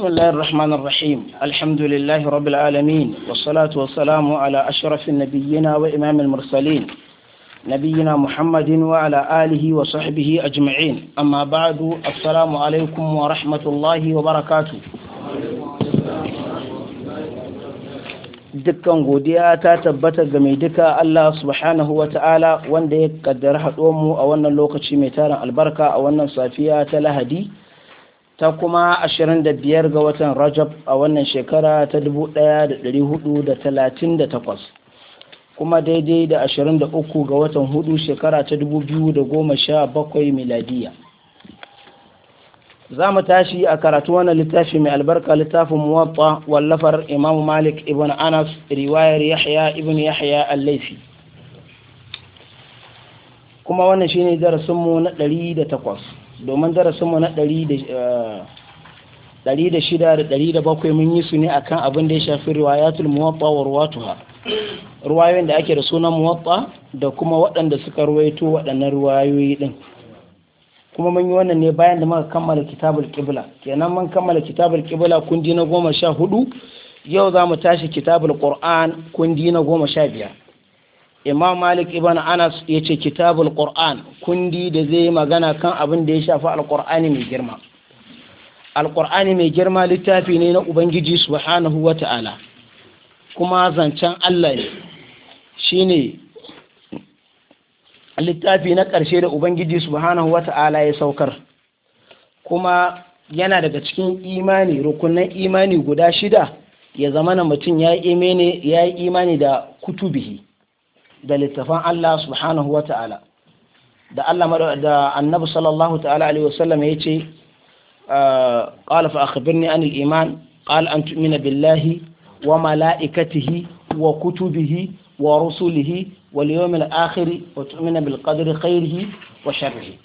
بسم الله الرحمن الرحيم الحمد لله رب العالمين والصلاة والسلام على أشرف النبيين وإمام المرسلين نبينا محمد وعلى آله وصحبه أجمعين أما بعد السلام عليكم ورحمة الله وبركاته dukkan godiya ta tabbata ga mai duka Allah subhanahu wa ta'ala wanda ya kaddara haɗo mu a wannan lokaci mai tarin albarka a wannan safiya ta lahadi ta kuma ashirin da biyar ga watan rajab a wannan shekara ta ɗaya da da 1438 kuma daidai da uku ga watan hudu shekara ta da goma sha bakwai miladiya za mu tashi a karatu wannan littafi mai albarka littafin muwatta wallafar imam malik ibn anas riwayar yahya ibn yahya al-laifi kuma wannan shine darasinmu na da 108 domin darasinmu na eh, ɗari da shida da ɗari da bakwai mun yi su ne akan abin da ya shafi riwayatul muwatta wa ruwatuwa ruwayoyin da ake da sunan muwatta da kuma waɗanda suka ruwaito waɗannan ruwayoyi ɗin kuma mun yi wannan ne bayan da muka kammala kitabul kibla kenan mun kammala kitabul qibla kundi na goma sha hudu yau za mu tashi kitabul qur'an kundi na goma sha biyar imam malik ibn anas ya ce kitabul qur'an kundi da zai magana kan abin da ya shafi alqur'ani mai girma alqur'ani mai girma littafi ne na ubangiji subhanahu wa ta'ala kuma zancen allah ne shine littafi na ƙarshe da ubangiji subhanahu wa ta'ala ya saukar kuma yana daga cikin imani rukunan imani guda shida ya zama na mutum ya yi imani da kutubihi da littafan Allah subhanahu wa ta'ala da Allah da annabi sallallahu ta'ala alaihi wasallam ya ce ah, qala fa akhbirni an al-iman qala an tu'mina billahi wa malaikatihi wa kutubihi wa rusulihi wal yawmil akhir wa tu'mina bil qadri khairihi wa sharrihi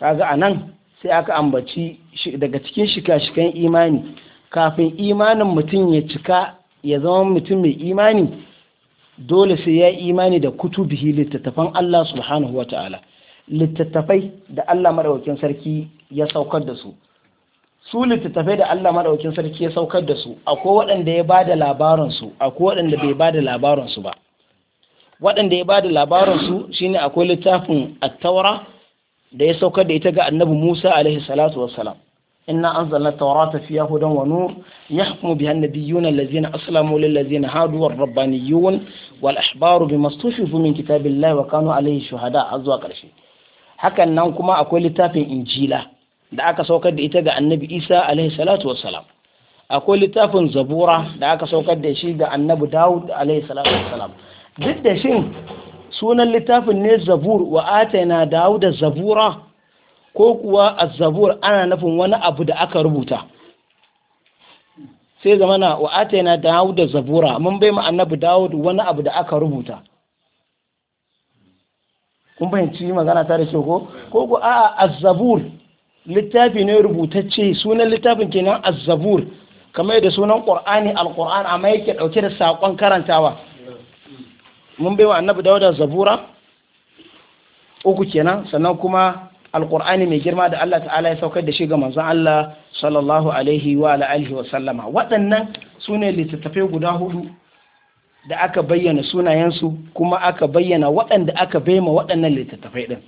kaga anan sai aka ambaci daga cikin shika-shikan imani kafin imanin mutum ya cika ya zama mutum mai imani dole sai ya imani da kutubihi littattafan Allah subhanahu wa ta'ala littattafai da Allah madaukakin sarki ya saukar da su su littattafai da Allah madaukakin sarki ya saukar da su akwai waɗanda ya bada labarin su akwai waɗanda bai bada labarin su ba waɗanda ya bada labarin su shine akwai littafin at-taura da ya saukar da ita ga annabi Musa alaihi salatu wassalam إنا أنزلنا التوراة فيها هدى ونور يحكم بها النبيون الذين أسلموا للذين هادوا والربانيون والأحبار بما استشفوا من كتاب الله وكانوا عليه شهداء عز وجل haka nan kuma akwai littafin injila da aka saukar da ita ga annabi isa alaihi salatu wassalam akwai littafin zabura da aka saukar da shi ga annabi dawud alaihi salatu wassalam duk da shin sunan littafin ne zabur wa atayna dawud zabura ko kuwa azzabur ana nufin wani abu da aka rubuta sai zama na wa atayna da zabura mun bai mu annabi dawud wani abu da aka rubuta kun fahimci magana ta da ke ko ko ko a azzabur littafi ne rubutacce sunan littafin kenan azzabur kamar yadda sunan qur'ani alquran amma yake dauke da sakon karantawa mun bai wa annabi da zabura uku kenan sannan kuma alkur'ani mai girma da Allah ta'ala ya saukar da shi ga manzon Allah sallallahu alaihi wa alihi wa sallama waɗannan su ne littattafai guda hudu da aka bayyana sunayensu kuma aka bayyana waɗanda aka baima waɗannan littattafai ɗin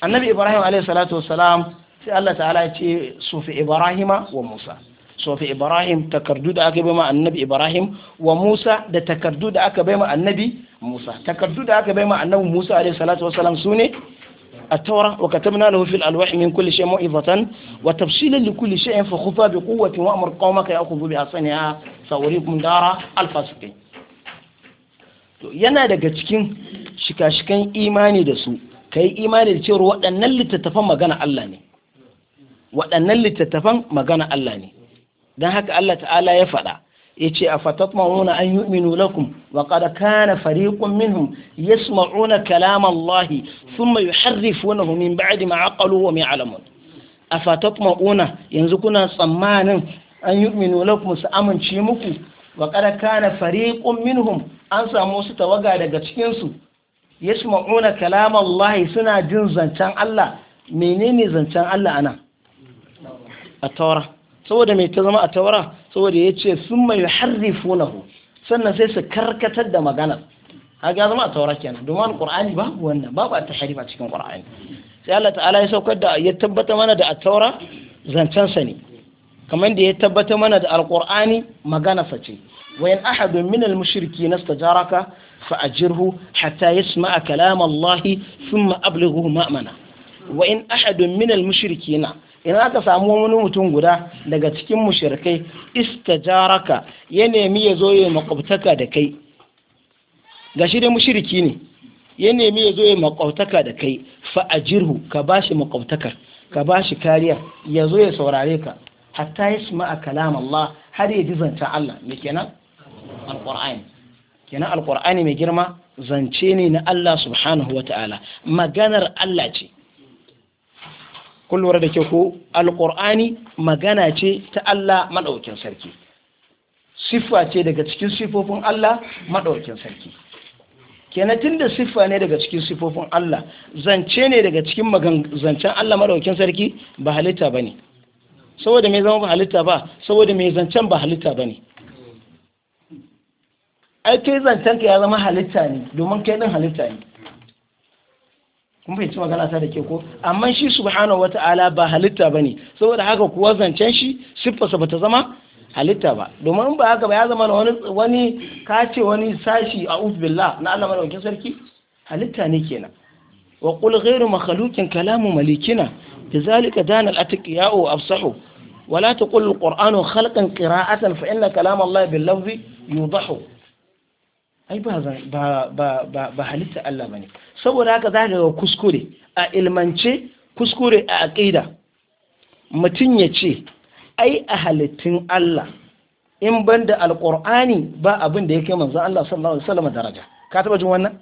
annabi ibrahim alaihi salatu wassalam sai Allah ta'ala ya ce sufi ibrahima wa musa sufi ibrahim takardu da aka baima annabi ibrahim wa musa da takardu da aka baima annabi musa takardu da aka baima annabi musa alaihi salatu wassalam su ne التوراة وكتبنا له في الألواح من كل شيء موعظة وتفصيلا لكل شيء فخذها بقوة وأمر قومك يأخذوا بأحسنها سأريكم دار الفاسقين yana daga cikin shika-shikan imani da su ka yi imani da cewar waɗannan littattafan magana Allah ne waɗannan littattafan magana Allah ne don haka Allah ta'ala ya faɗa yace afatatma'una an yu'minu lakum wa qad kana fariqun minhum yasma'una kalam Allah thumma yuharrifunahu min ba'di ma aqalu wa ya'lamun afatatma'una yanzu kuna tsammanin an yu'minu lakum su amince muku wa qad kana fariqun minhum an samu su tawaga daga cikin su yasma'una kalam Allah suna jin zancen Allah menene zancen Allah ana a saboda me ta zama a taura saboda ya ce sun mai harrifunahu sannan sai su karkatar da maganar haka ya zama a taura kenan domin alƙur'ani babu wannan babu a taharifa cikin ƙur'ani sai Allah ta'ala ya saukar da ya tabbata mana da a taura sa ne kamar da ya tabbata mana da alƙur'ani maganarsa ce wa in ahadun min al-mushriki nastajaraka fa ajirhu hatta yasma'a kalam Allah thumma ablighuhu ma'mana wa in ahadun min al-mushrikina Ina aka samu wani mutum guda daga cikin mushrikai istajaraka ya nemi ya zo ya makwabtaka da kai gashi dai ne ya nemi ya zo ya makwabtaka da kai fa ajirhu ka bashi makwabtakar ka bashi kariya ya zo ya saurare ka hatta ma'a kalam Allah har ya ji zancen Allah me kenan alqur'ani kenan alqur'ani mai girma zance ne na Allah subhanahu wa ta'ala maganar Allah ce kun lura da ke ko alƙur'ani magana ce ta Allah maɗaukin sarki siffa ce daga cikin siffofin Allah maɗaukin sarki kenan tun da siffa ne daga cikin siffofin Allah zance ne daga cikin zancen Allah maɗaukin sarki ba halitta ba ne saboda mai zama ba halitta ba saboda mai zancen ba halitta ba ne ai kai zancen ka ya zama halitta ne domin kai ɗin halitta ne kun fahimci magana ta da ke ko amma shi subhanahu wata'ala ba halitta bane saboda haka kuwa zancen shi siffarsa bata zama halitta ba domin ba haka ba ya zama wani wani kace wani sashi a billah na Allah madaukakin sarki halitta ne kenan wa qul ghayru makhluqin kalamu malikina bizalika dana al-atqiya'u afsahu al-qur'anu khalqan qira'atan fa inna فإن Allah bil باللفظ yudahu ai ba ba ba ba ba halitta Allah bane saboda haka za ka ga kuskure a ilmance kuskure a aƙida mutum ya ce ai a halittun Allah in ban da alƙur'ani ba abin da yake manzo Allah sallallahu alaihi wasallam daraja ka taba jin wannan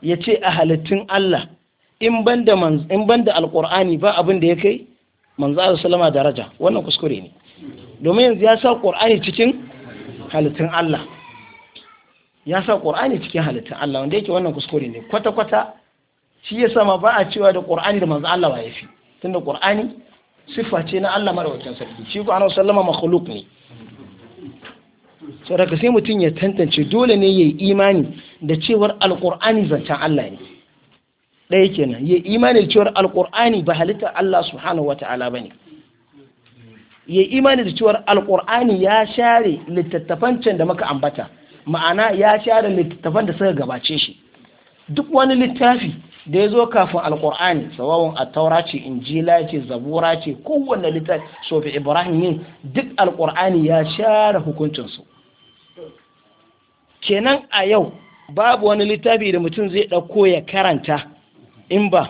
ya ce a halittun Allah in ban da in ban da alƙur'ani ba abin da ya kai manzon Allah sallama daraja wannan kuskure ne domin yanzu ya sa ƙur'ani cikin halittun Allah ya sa qur'ani cikin halittar Allah wanda yake wannan kuskure ne kwata kwata shi ya sama ba a cewa da ƙurani da manzo Allah ya fi tunda qur'ani siffa ce na Allah madawacin sarki shi ana wasu sallama makhluk ne so daga sai mutum ya tantance dole ne ya yi imani da cewar alqur'ani zancen Allah ne ɗaya kenan ya imani da cewar alƙur'ani ba halittar Allah subhanahu wa ta'ala ba ne ya imani da cewar alƙur'ani ya share littattafan can da muka ambata ma'ana ya share littattafan da suka gabace shi duk wani littafi da ya zo kafin alkur'ani sawawun attaura ce injila ce zabura ce kowanne littafi sofi ibrahim yin duk alkur'ani ya share hukuncinsu kenan a yau babu wani littafi da mutum zai ɗauko ya karanta in ba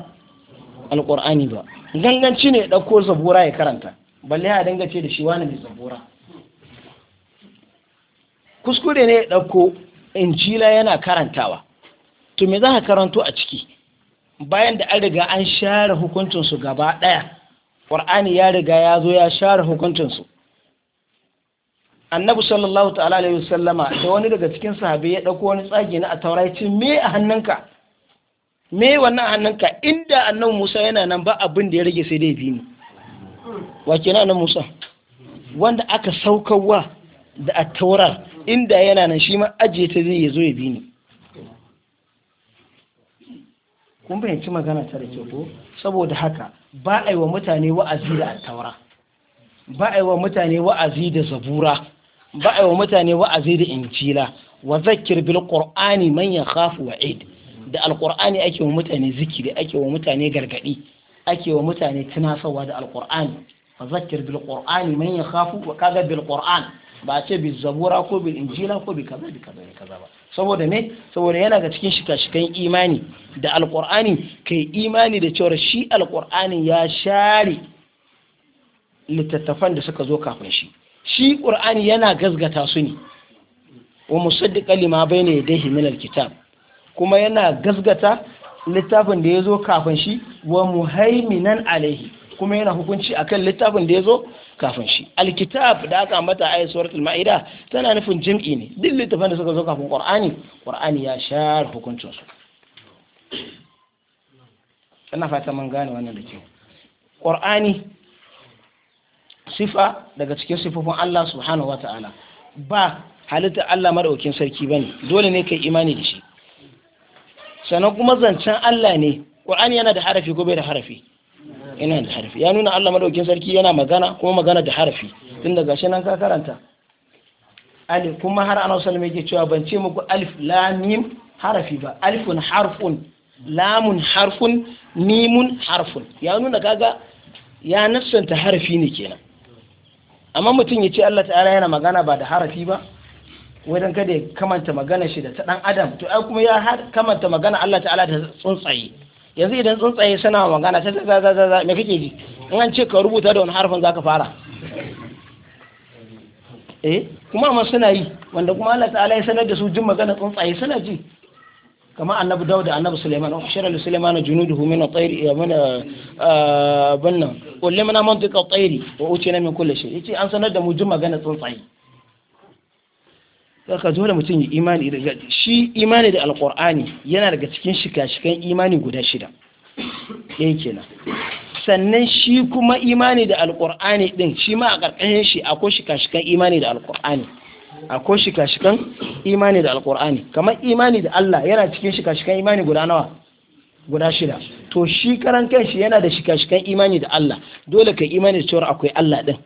alkur'ani ba ganganci ne ɗauko zabura ya karanta balle a dangace da shi wani mai zabura kuskure ne ya ɗauko injila yana karantawa to me za ka karanto a ciki bayan da an riga an share hukuncinsu gaba ɗaya ƙwar'ani ya riga ya zo ya share hukuncinsu annabi sallallahu ta'ala alaihi wasallama da wani daga cikin sahabi ya ɗauko wani tsagi na a me a hannunka me wannan hannunka inda annabi musa yana nan ba abin da ya rage sai dai bini ni wa kenan annabi musa wanda aka saukarwa da a taurar inda yana nan shi ma ajiye ta zai zo ya bi ni kun fahimci magana ta da ke ko saboda haka ba a yi wa mutane wa'azi da attaura ba a yi wa mutane wa'azi da zabura ba a yi wa mutane wa'azi da injila wa zakir bil qur'ani man yakhafu aid da alqur'ani ake wa mutane zikiri ake wa mutane gargadi ake wa mutane tunasawa da alqur'ani fa zakir bil qur'ani man yakhafu wa kaga bil qur'an ba ce bi zabura ko bi injila ko bi kaza bi kaza bi kaza ba saboda ne saboda yana ga cikin shika-shikan imani da alkur'ani kai imani da cewa shi alkur'ani ya share littattafan da suka zo kafin shi shi qur'ani yana gazgata su ne wa musaddiqa lima bayna yadayhi min alkitab kuma yana gazgata littafin da ya zo kafin shi wa muhaiminan alaihi kuma yana hukunci akan littafin da ya zo kafin shi alkitab da aka ambata ayat suratul ma'ida tana nufin jim'i ne duk littafin da suka zo kafin qur'ani qur'ani ya shar hukuncin su ina fata mun gane wannan da kyau qur'ani sifa daga cikin sifofin Allah subhanahu wata'ala ba halitta Allah madaukin sarki bane dole ne kai imani da shi sannan kuma zancen Allah ne Qur'ani yana da harafi gobe da harafi yana da harfi ya nuna Allah madaukin sarki yana magana kuma magana da harfi tun daga shi nan ka karanta alif kuma har ana sallama yake cewa ban ce muku alif lam mim harfi ba alifun harfun lamun harfun mimun harfun ya nuna kaga ya nasanta harfi ne kenan amma mutum ya ce Allah ta'ala yana magana ba da harafi ba wajen kada ya kamanta magana shi da ta dan adam to ai kuma ya kamanta magana Allah ta'ala da tsuntsaye yanzu idan tsuntsaye suna magana ta za za za me kake ji in an ce ka rubuta da wani harfin zaka fara eh kuma amma suna yi wanda kuma Allah ta'ala ya sanar da su jin magana tsuntsaye suna ji kamar annabi Dawud da annabi Sulaiman wa shara Sulaiman junuduhu min at-tayr ya mana banna kullu mana mantiqa at-tayr wa utina min kulli shay yace an sanar da mu jin magana tsuntsaye ka dole mutum ya imani daga shi imani da alkur'ani yana daga cikin shika-shikan imani guda shida ɗaya kenan sannan shi kuma imani da alkur'ani din shi ma a ƙarƙashin shi akwai shika-shikan imani da alkur'ani akwai shika-shikan imani da alkur'ani kamar imani da Allah yana cikin shika-shikan imani guda nawa guda shida to shi karan kanshi yana da shika-shikan imani da Allah dole ka imani da cewa akwai Allah din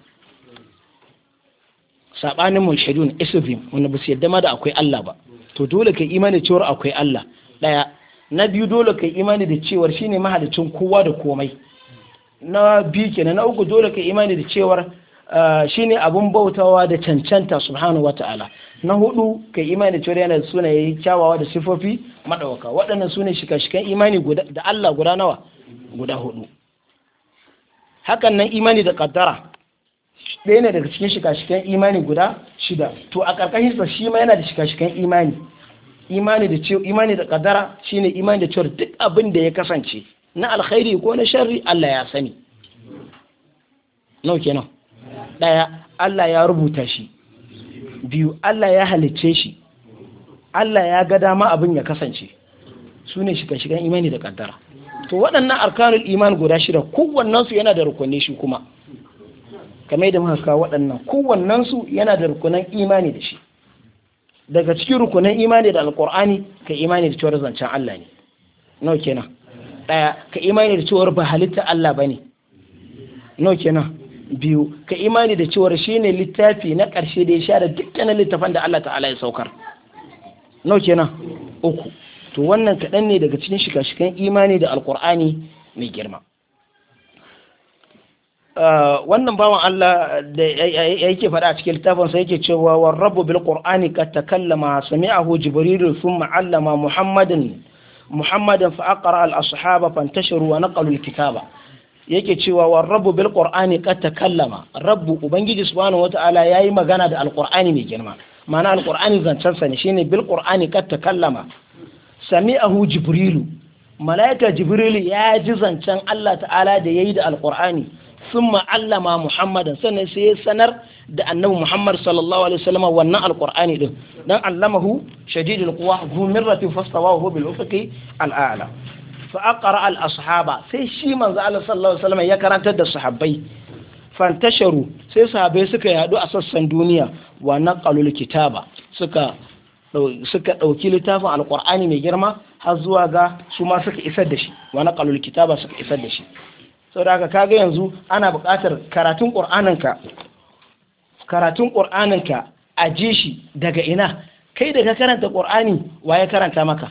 sabanin mulhidun isufim wanda ba su yadda ma da akwai Allah ba to dole kai imani cewar akwai Allah daya na biyu dole kai imani da cewar shine mahalicin kowa da komai na biyu kenan na uku dole kai imani da cewar ah, shine abun bautawa da cancanta subhanahu wataala na hudu kai imani da yana da sunaye kyawawa da sifofi madawaka waɗannan sune shika-shikan imani da Allah guda nawa guda hudu hakan nan imani da kaddara ɗaya ne daga cikin shika-shikan imani guda shida to a ƙarƙashinsa shi ma yana da shika-shikan imani imani da imani da kadara shine imani da cewar duk abin da ya kasance na alkhairi ko na sharri Allah ya sani nau kenan daya Allah ya rubuta shi biyu Allah ya halicce shi Allah ya ga dama abin ya kasance su ne shiga-shigan imani da kaddara to waɗannan arkanul iman guda shida kowannensu yana da rukunne shi kuma kamar da muka kawo waɗannan su yana da rukunan imani da shi daga cikin rukunan imani da alkur'ani ka imani da cewar zancen Allah ne nau kenan ɗaya ka imani da cewar ba halitta Allah ba ne nau kenan biyu ka imani da cewar shi ne littafi na ƙarshe da ya sha da dukkanin littafan da Allah ta'ala ya saukar nau kenan uku to wannan kaɗan ne daga cikin shika-shikan imani da alkur'ani mai girma wannan bawan Allah da yake faɗa a cikin littafin sa yake cewa war rabbu bil qur'ani kad takallama sami'ahu jibril thumma allama muhammadin muhammadin fa aqra al ashaba fantashiru wa naqalu al kitaba yake cewa war rabbu bil qur'ani kad takallama rabbu ubangiji subhanahu wata'ala yayi magana da al qur'ani mai girma ma'ana al qur'ani sa ne shine bil qur'ani kad takallama sami'ahu jibrilu malaika jibril ya ji zancen Allah ta'ala da yayi da al qur'ani sun ma'allama muhammadan sannan sai ya sanar da annabi muhammad sallallahu alaihi wasallam wannan alqur'ani din dan allamahu shadidul quwa hu mirratin fastawahu bil ufuqi al a'la fa aqra al ashaba sai shi manzo Allah sallallahu alaihi wasallam ya karantar da sahabbai fantasharu sai sahabbai suka yadu a sassan duniya wa naqalul kitaba suka suka ɗauki littafin alƙur'ani mai girma har zuwa ga su ma suka isar da shi wa naqalul kitaba suka isar da shi da aka kaga yanzu ana buƙatar karatun ƙur'aninka karatun ƙor'aninka a ji shi daga ina kai da ka karanta ƙor'ani wa ya karanta maka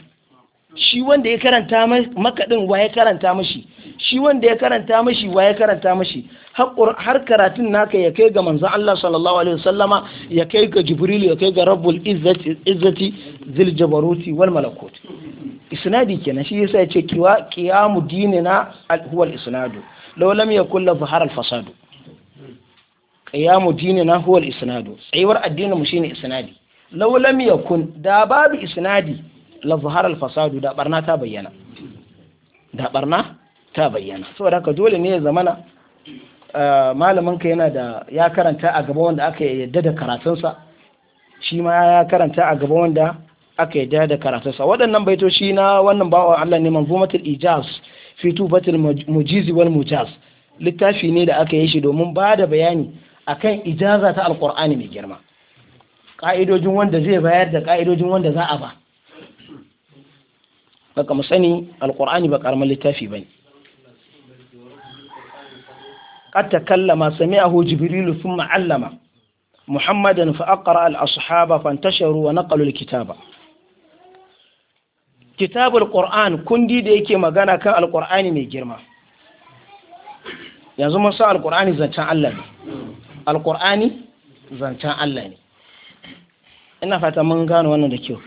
shi wanda ya karanta maka ɗin wa ya karanta mashi shi wanda ya karanta mashi wa ya karanta mashi har karatun naka ya kai ga manzan Allah sallallahu alaihi wasallama ya kai ga jibril ya kai ga rabbul izzati izzati zil jabaruti wal malakut isnadi kenan shi yasa ce kiwa qiyamu dinina huwa al isnadu law lam yakul la zahara al qiyamu dinina huwa al tsayuwar addinin mu shine isnadi laulamiyakun lam yakun da babu isnadi la zahara al da barna ta bayyana da barna ta bayyana saboda haka dole ne ya zamana malamin ka yana da ya karanta a gaban wanda aka yadda da karatunsa shi ma ya karanta a gaban wanda aka yadda da karatunsa waɗannan baitoci na wannan bawa Allah ne manzumatul ijaz fi tufatul mujiz wal mujaz littafi ne da aka yi shi domin ba da bayani akan ijaza ta alqur'ani mai girma ka'idojin wanda zai bayar da ka'idojin wanda za a ba baka mu sani alqur'ani ba karamin littafi bane قد تكلم سمعه جبريل ثم علم محمدا فأقرأ الأصحاب فانتشروا ونقلوا الكتاب kitabul qur'an kundi da yake magana kan alqur'ani mai girma yanzu mun san alqur'ani zancan Allah ne alqur'ani zancen Allah ne ina fata mun gano wannan da kyau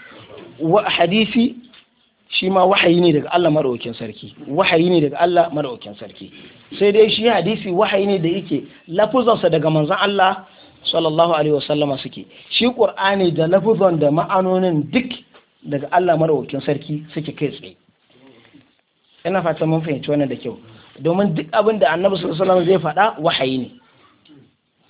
wa hadisi shi ma wahayi ne daga Allah madaukakin sarki wahayi ne daga Allah madaukakin sarki sai dai shi hadisi wahayi ne da yake lafuzansa daga manzon Allah sallallahu alaihi wasallama suke shi qur'ani da lafuzan da ma'anonin duk daga Allah marawakin sarki suke kai tsaye ina fatan mun fahimci wannan da kyau domin duk abin da annabi sallallahu zai faɗa wahayi ne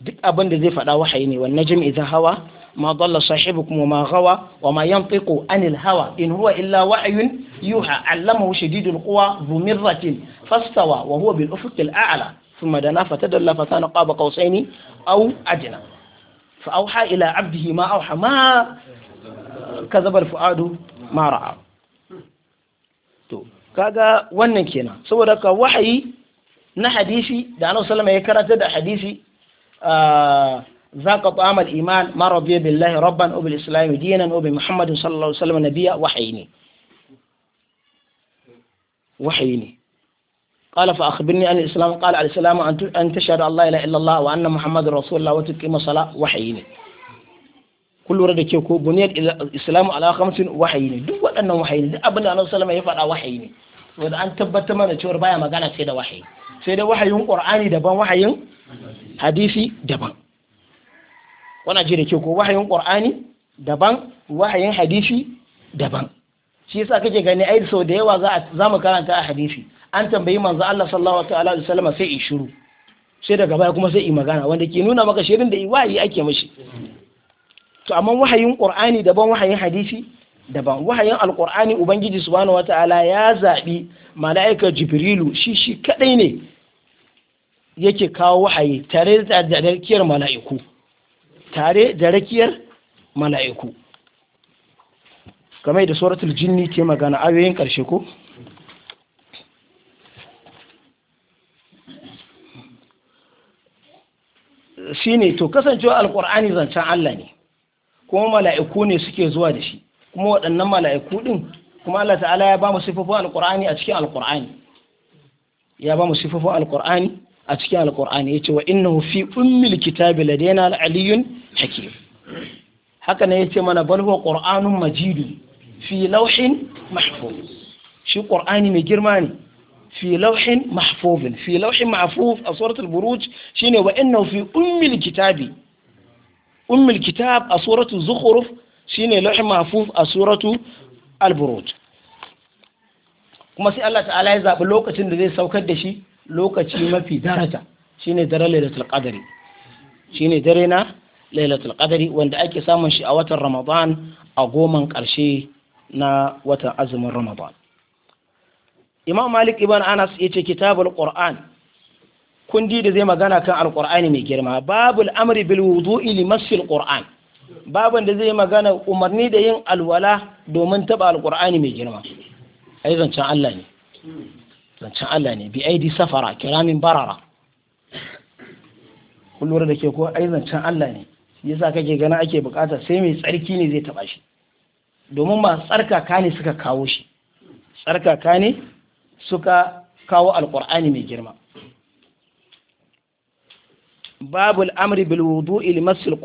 duk abin da zai faɗa wahayi ne wannan jami'i ta hawa ma dalla sahibukum ma ghawa wa ma yantiqu anil hawa in huwa illa wa'yun yuha allamahu shadidul quwa dhu mirratin fastawa wa huwa bil ufuqil a'la thumma dana fatadalla fatana qaba qawsaini aw ajna fa awha ila abdihi ma awha ma kazabar fu'adu ma ra'a to kaga wannan kenan saboda ka wahayi na hadisi da annabi sallama ya karanta da hadisi zaka ta'am al-iman mara rabbiya billahi rabban wa islam dinan wa bi sallallahu alaihi wasallam nabiyya wahayi ne wahayi ne قال فأخبرني عن الإسلام قال عليه السلام أن تشهد الله لا إله إلا الله وأن محمد رسول الله وتقيم الصلاة kun lura da ke ko buniyar islamu ala khamsin wahayi ne duk waɗannan wahayi ne duk abin da annabi sallama ya faɗa wahayi ne wanda an tabbatar mana cewa baya magana sai da wahayi sai da wahayin qur'ani daban wahayin hadisi daban wannan ji da ke ko wahayin qur'ani daban wahayin hadisi daban shi yasa kake gani ai sau da yawa za za mu karanta a hadisi an tambayi manzo Allah sallallahu alaihi wasallam sai in shiru sai daga baya kuma sai yi magana wanda ke nuna maka shirin da wahayi ake mishi to amma wahayin qur'ani daban wahayin hadisi daban wahayin alqur'ani ubangiji subhanahu wataala ya zabi mala'ika jibrilu shi shi kadai ne yake kawo wahayi tare da rakiyar mala'iku tare da rakiyar mala'iku kamar da suratul jinni ke magana ayoyin karshe ko shine to kasancewa alqur'ani zancen Allah ne kuma mala'iku ne suke zuwa da shi kuma waɗannan mala'iku ɗin kuma Allah ta'ala ya ba mu sifofin alƙur'ani a cikin alƙur'ani ya ba mu sifofin alƙur'ani a cikin alƙur'ani ya ce wa innahu fi ummil kitabi ladaina al-aliyyun hakim haka ne ya ce mana bal huwa qur'anun majidun fi lauhin mahfuz shi qur'ani mai girma ne fi lauhin mahfuz fi lauhin mahfuz a suratul buruj shine wa innahu fi ummil kitabi ummul kitab a suratu zukhruf shine lauhi mahfuz a suratu kuma sai Allah ta'ala ya zabi lokacin da zai saukar da shi lokaci mafi daraja shine dare lailatul shine dare na lailatul Qadari, wanda ake samun shi a watan ramadan a goman karshe na watan azumin ramadan imam malik ibn anas yace kitabul qur'an kundi da zai magana kan Alƙur'ani mai girma babu amri bil wudu'i li masjid qur'an babun da zai magana umarni da yin alwala domin taba Alƙur'ani mai girma ai zancen Allah ne zancen Allah ne bi aidi safara kiramin barara kullum da ke ko ai zancen Allah ne yasa kake gana ake bukata sai mai tsarki ne zai taba shi domin masu tsarkaka ne suka kawo shi tsarkaka ne suka kawo alkur'ani mai girma babu al'amri bilwudu wudu'i li masul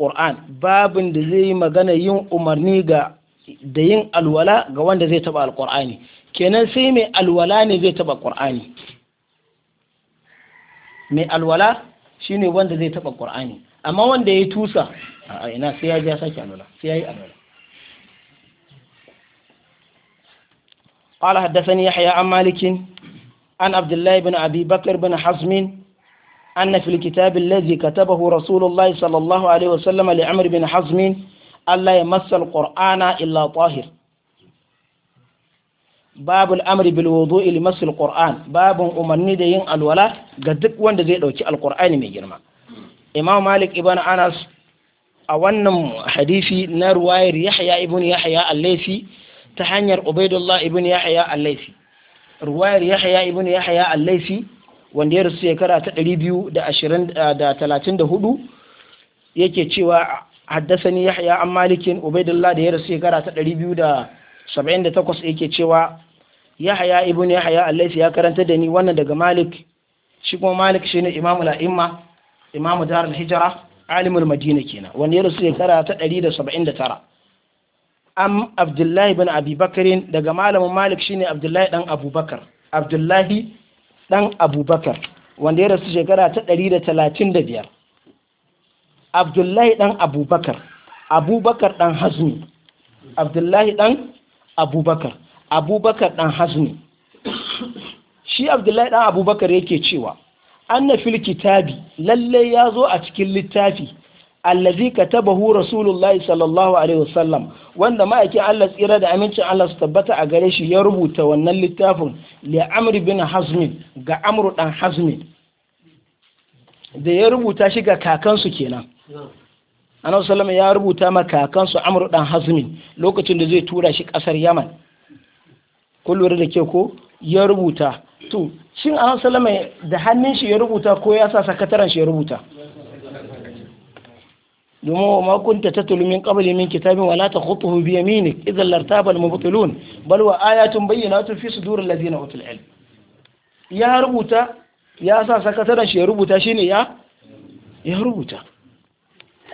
babin da zai yi magana yin umarni ga da yin alwala ga wanda zai taba alqur'ani kenan sai mai alwala ne zai taba qur'ani mai alwala shine wanda zai taba ƙurani amma wanda ya tusa a ina sai ya ja sake alwala sai ya yi alwala قال حدثني يحيى عن مالك عن عبد الله بن ابي بكر بن حزم أن في الكتاب الذي كتبه رسول الله صلى الله عليه وسلم لعمر بن حزم ألا يمس القرآن إلا طاهر باب الأمر بالوضوء لمس القرآن باب أمرني دين الولاء قدك وان دي دوكي القرآن من جرما إمام مالك ابن أنس أولا حديثي نرواير يحيى ابن يحيى الليثي تحنير عبيد الله ابن يحيى الليثي رواير يحيى ابن يحيى الليثي wanda ya rasu shekara ta ɗari biyu da eh, da da ashirin talatin hudu yake cewa haddasani yahya an malikin ubaidullah da ya rasu shekara ta ɗari biyu da da takwas yake cewa yahya ibn yahya allaisi ya karanta da ni wannan daga malik shi kuma malik shine imamu la'imma imamu darul hijra alimul madina kenan wanda ya rasu shekara ta 179 am abdullahi bin abi daga malamin malik shine abdullahi dan abubakar abdullahi ɗan abubakar wanda ya rasu shekara ta ɗari da talatin da biyar abdullahi ɗan abubakar abubakar ɗan hazmi abdullahi ɗan abubakar abubakar ɗan hazmi shi abdullahi ɗan abubakar yake cewa an na fil kitabi lallai ya zo a cikin littafi allazi katabahu rasulullahi sallallahu alaihi wasallam wanda ma'aikin Allah tsira da amincin Allah su tabbata a gare shi ya rubuta wannan littafin li amr bin hazmi ga amru dan hazmi da ya rubuta shi ga kakansu kenan annabi sallallahu ya rubuta ma kakansu amru dan hazmi lokacin da zai tura shi kasar yaman kun lura da ke ko ya rubuta to shin annabi sallallahu da hannun shi ya rubuta ko ya sa sakataren shi ya rubuta domin wa ma kunta tatlu min qabli min kitabin wala takhutuhu bi yaminik idhan lartaba al-mubtilun bal wa ayatun bayyinatun fi sudur alladhina utul ilm ya rubuta ya sa sakataren shi ya rubuta shine ya ya rubuta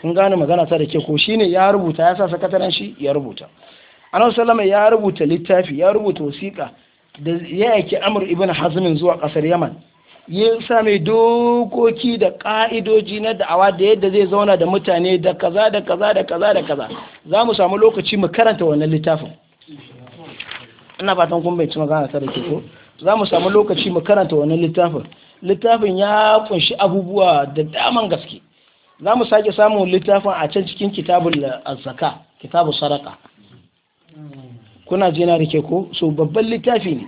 kun gane magana ta da ke ko shine ya rubuta ya sa sakataren shi ya rubuta annabi sallama ya rubuta littafi ya rubuta wasiƙa da ya yake amr ibn hazmin zuwa ƙasar yaman ya sa mai dokoki da ƙa'idoji na da'awa da yadda zai zauna da mutane da kaza da kaza da kaza da kaza za mu samu lokaci mu karanta wannan littafin ina fatan kun bai ci magana ta da ko za mu samu lokaci mu karanta wannan littafin littafin ya kunshi abubuwa da daman gaske za mu sake samun littafin a can cikin kitabun zaka kitabun saraka kuna jina da ke ko so babban littafi ne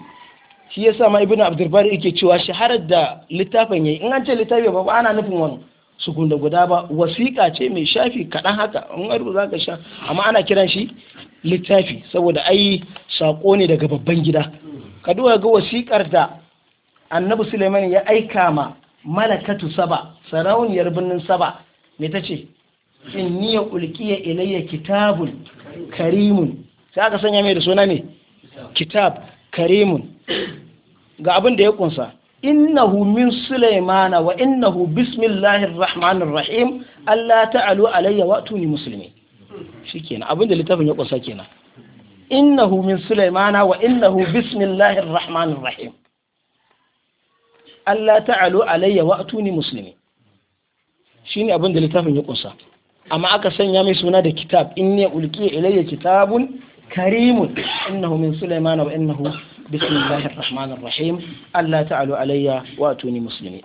shi yasa ma ibnu abdurbar yake cewa shaharar da littafin yayi in an ce littafi ba ba ana nufin wani sukun da guda ba wasiƙa ce mai shafi kaɗan haka in an za ka sha amma ana kiran shi littafi saboda ai saƙo ne daga babban gida ka duba ga wasiƙar da annabi suleiman ya aika ma malakatu saba sarauniyar birnin saba me ta ce inni ya ya ilayya kitabun karimun sai aka sanya mai da suna ne kitab karimun ga abin da ya kunsa innahu min sulaimana wa innahu bismillahir rahmanir rahim Allah ta'alu alayya wa tuni muslimi shikenan abin da littafin ya kunsa kenan innahu min sulaimana wa innahu bismillahir rahmanir rahim Allah ta'alu alayya wa tuni muslimi shine abin da littafin ya kunsa amma aka sanya mai suna da kitab in ne ilayya kitabun karimun إنه من سليمان وإنه innahu الله الرحمن الرحيم ألا alayya وأتوني مسلمين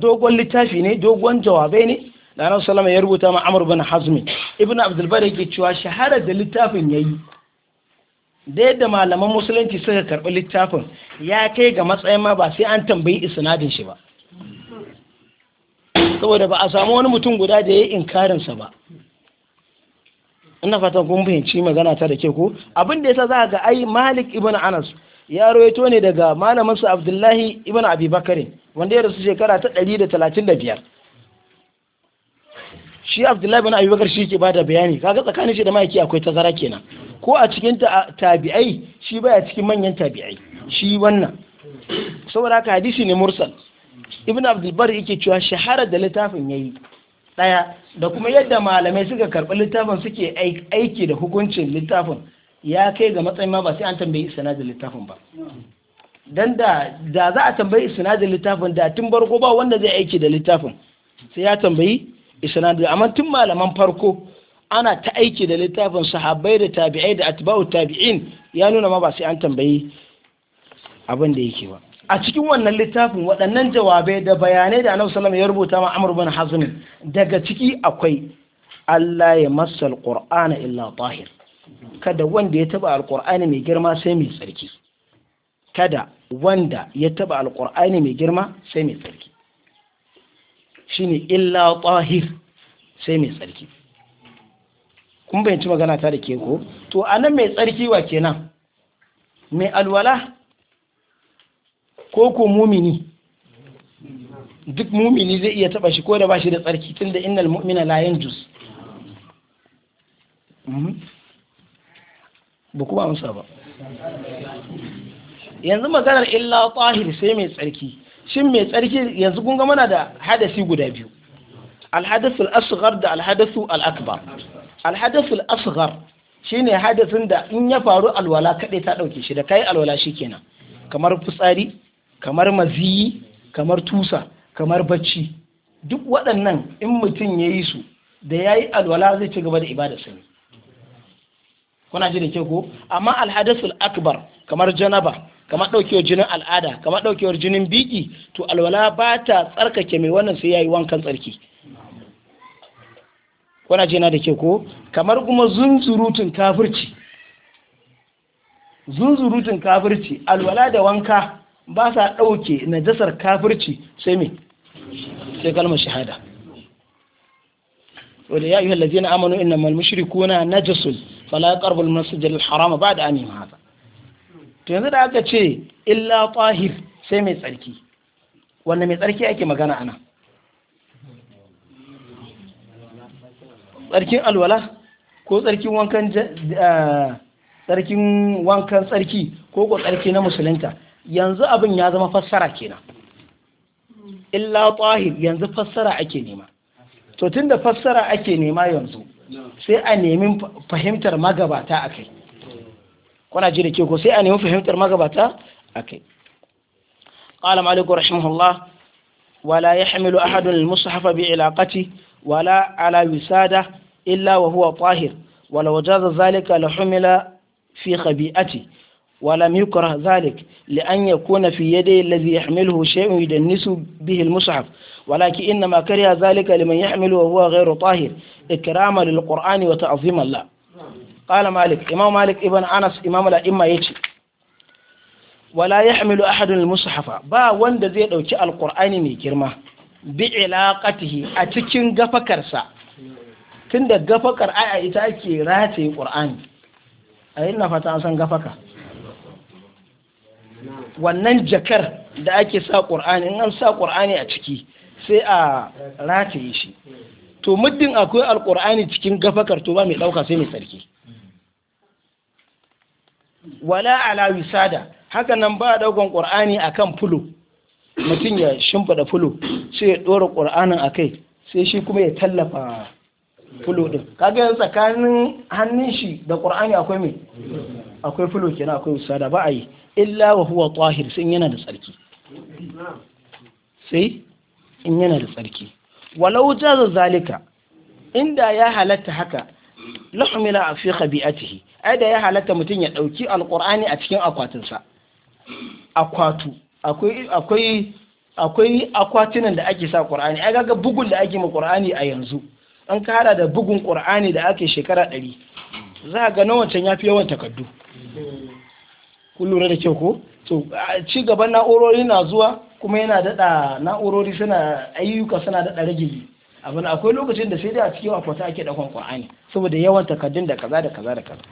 dogon littafi ne dogon jawabai ne عليه وسلم ya rubuta ma Amr bin Hazm ibn Abdul yake cewa shaharar da littafin yayi da yadda malaman musulunci suka karɓi littafin ya kai ga matsayin ma ba sai an tambayi isnadin shi ba saboda ba a samu wani mutum guda da ya yi inkarinsa ba ina fatan kun fahimci magana ta da ke ko abin da yasa za ga ai Malik ibn Anas ya rawaito ne daga malamin sa Abdullahi ibn Abi Bakarin wanda ya rasu shekara ta 135 shi Abdullahi ibn Abi Bakar shi ke bada bayani kaga tsakanin shi da maiki akwai tazara kenan ko a cikin tabi'ai shi baya cikin manyan tabi'ai shi wannan saboda haka hadisi ne mursal ibn Abdul Bar yake cewa shahara da littafin yayi ɗaya da kuma yadda malamai suka karɓi littafin suke aiki da hukuncin littafin ya kai ga matsayin ma ba sai an tambayi sanadin littafin ba dan da da za a tambayi sanadin littafin da tun farko ba wanda zai aiki da littafin sai ya tambayi isnadin amma tun malaman farko ana ta aiki da littafin sahabbai da tabi'ai da atba'u tabi'in ya nuna ma ba sai an tambayi abin da yake ba a cikin wannan littafin waɗannan jawabai da bayanai da annabi salama ya rubuta ma Amr bin Hazm daga ciki akwai Allah ya massa alqur'ana illa tahir kada wanda ya taba alqur'ani mai girma sai mai tsarki kada wanda ya taba alqur'ani mai girma sai mai tsarki shine illa tahir sai mai tsarki kun bayanci magana ta da ke ko to anan mai tsarki wa kenan mai alwala ko ko mumini duk mumini zai iya taba shi ko da bashi da tsarki tunda innal mu'mina la yanjus mhm. ba kuma ba yanzu maganar illa tahir sai mai tsarki shin mai tsarki yanzu kun ga mana da hadasi guda biyu alhadasul asghar da alhadasu al-akbar alhadasul asghar shine hadasin da in ya faru alwala kaɗai ta ɗauke shi da kai alwala shikenan kamar fitsari kamar maziyi kamar tusa kamar bacci duk waɗannan in mutum ya yi su da ya yi alwala zai ci gaba da ibada sani kuna ji da ke ko amma alhadasul akbar kamar janaba kamar ɗaukewar jinin al'ada kamar ɗaukewar jinin biki to alwala ba ta tsarkake mai wannan sai ya yi wankan tsarki kuna ji na da ke ko kamar kuma zunzurutun kafirci zunzurutun kafirci alwala da wanka ba sa ɗauke najasar kafirci sai me sai kalmar shahada wadda ya yi ayyuhal ladzina amanu innamal na najasun fala masu masjidal harama ba da an haka. to yanzu da aka ce illa tahir sai mai tsarki wanda mai tsarki ake magana ana tsarkin alwala ko tsarkin wankan eh, tsarkin wankan tsarki ko ko tsarki na musulunta yanzu abin ya zama fassara kenan illa tahir yanzu fassara ake nema to tunda fassara ake nema yanzu sai a nemi fahimtar magabata akai kuna ji da ke ko sai a nemi fahimtar magabata akai قال مالك رحمه الله ولا يحمل أحد المصحف بعلاقته ولا على وسادة إلا وهو طاهر ولو جاز ذلك لحمل في خبيئته ولم يكره ذلك لأن يكون في يده الذي يحمله شيء يدنس به المصحف ولكن إنما كره ذلك لمن يحمله وهو غير طاهر إكراما للقرآن وتعظيما له قال مالك إمام مالك ابن أنس إمام الأئمة يجي ولا يحمل أحد المصحف با وند زي دوكي القرآن مي جرما بعلاقته أتكين غفكرسا تند غفكر آية إتاكي راتي القرآن أين فتاة سن غفكر wannan jakar da ake sa ƙur'ani in an sa ƙur'ani a ciki sai a rataye shi to muddin akwai alƙur'ani cikin gafakar to ba mai ɗauka sai mai tsarki wala ala wisada haka nan ba ɗaukan ƙur'ani a kan fulo mutum ya shimfiɗa fulo sai ya ɗora ƙur'anin a kai sai shi kuma ya tallafa fulo ɗin kaga tsakanin hannun shi da ƙur'ani akwai mai akwai fulo kenan akwai usada ba a yi illa wa huwa tahir sai yana da tsarki sai in yana da tsarki walau jaza zalika inda ya halatta haka lahumila a fi khabi'atihi ai da ya halatta mutum ya dauki alqur'ani a cikin sa akwatu akwai akwai akwai akwatunan da ake sa qur'ani ai ga bugun da ake ma qur'ani a yanzu an kara da bugun qur'ani da ake shekara ɗari za a ga na wancan ya fi yawan takardu kun lura da kyau ko to ci gaban na'urori na zuwa kuma yana daɗa na'urori suna ayyuka suna daɗa rage abin akwai lokacin da sai dai a cikin akwata ake ɗaukan ƙwa'ani saboda yawan takardun da kaza da kaza da kaza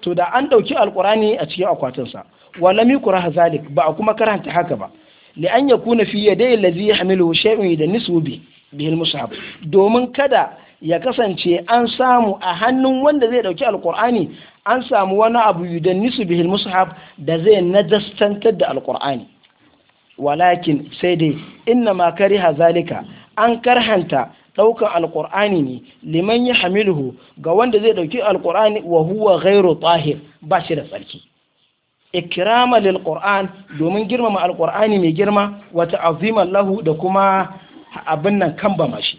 to da an ɗauki alƙur'ani a cikin sa walami kura hazalik ba a kuma karanta haka ba li an yakuna fi yadai allazi yahmilu shay'un da nisubi bi bihil mushaf domin kada ya kasance an samu a hannun wanda zai dauki alkur'ani an samu wani abu yudan nisu bihil mushaf da zai najastantar da alkur'ani walakin sai dai inna ma kariha zalika an karhanta daukan alkur'ani ne liman ya hamiluhu ga wanda zai dauki alkur'ani wa huwa ghairu tahir ba shi da tsarki ikrama lil qur'an domin girmama alkur'ani mai girma wata ta'zima lahu da kuma abin nan kan ba mashi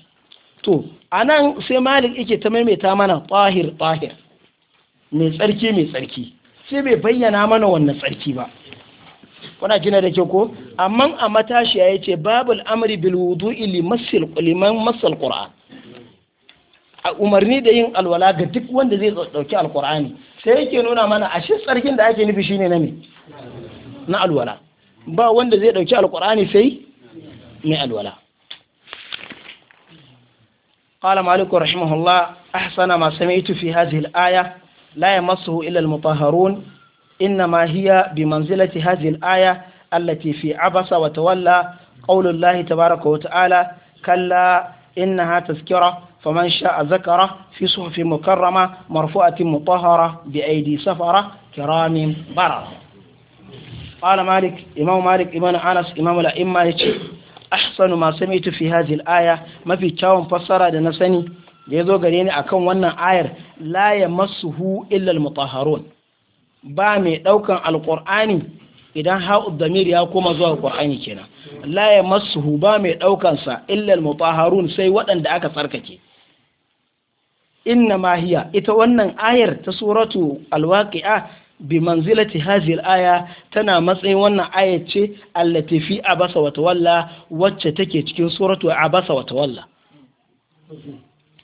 to a nan sai malik yake ta maimaita mana tahir tahir mai tsarki mai tsarki sai bai bayyana mana wannan tsarki ba kuna gina da kyau ko amma a matashiya ya ce babul amri bil wudu'i liman masal qur'an a umarni da yin alwala ga duk wanda zai dauki alqur'ani sai yake nuna mana ashe tsarkin da ake nufi shine na na alwala ba wanda zai dauki alqur'ani sai mai alwala قال مالك رحمه الله أحسن ما سمعت في هذه الآية لا يمسه إلا المطهرون إنما هي بمنزلة هذه الآية التي في عبس وتولى قول الله تبارك وتعالى كلا إنها تذكرة فمن شاء ذكره في صحف مكرمة مرفوعة مطهرة بأيدي سفرة كرام بررة قال مالك إمام مالك إمام أنس إمام الأئمة يتشي ahsanu ma sami'tu fi hadhihi al-aya mafi kyawun fassara da na sani da yazo gare ni akan wannan ayar la yamassuhu illa al-mutahharun ba mai daukan al-qur'ani idan ha'u damir ya koma zuwa qur'ani kenan la yamassuhu ba mai daukan sa illa al-mutahharun sai waɗanda aka tsarkake inna ma hiya ita wannan ayar ta suratu al-waqi'a bi manzilati al aya tana matsayin wannan ayar ce allati fi abasa wa tawalla wacce take cikin suratu abasa wa tawalla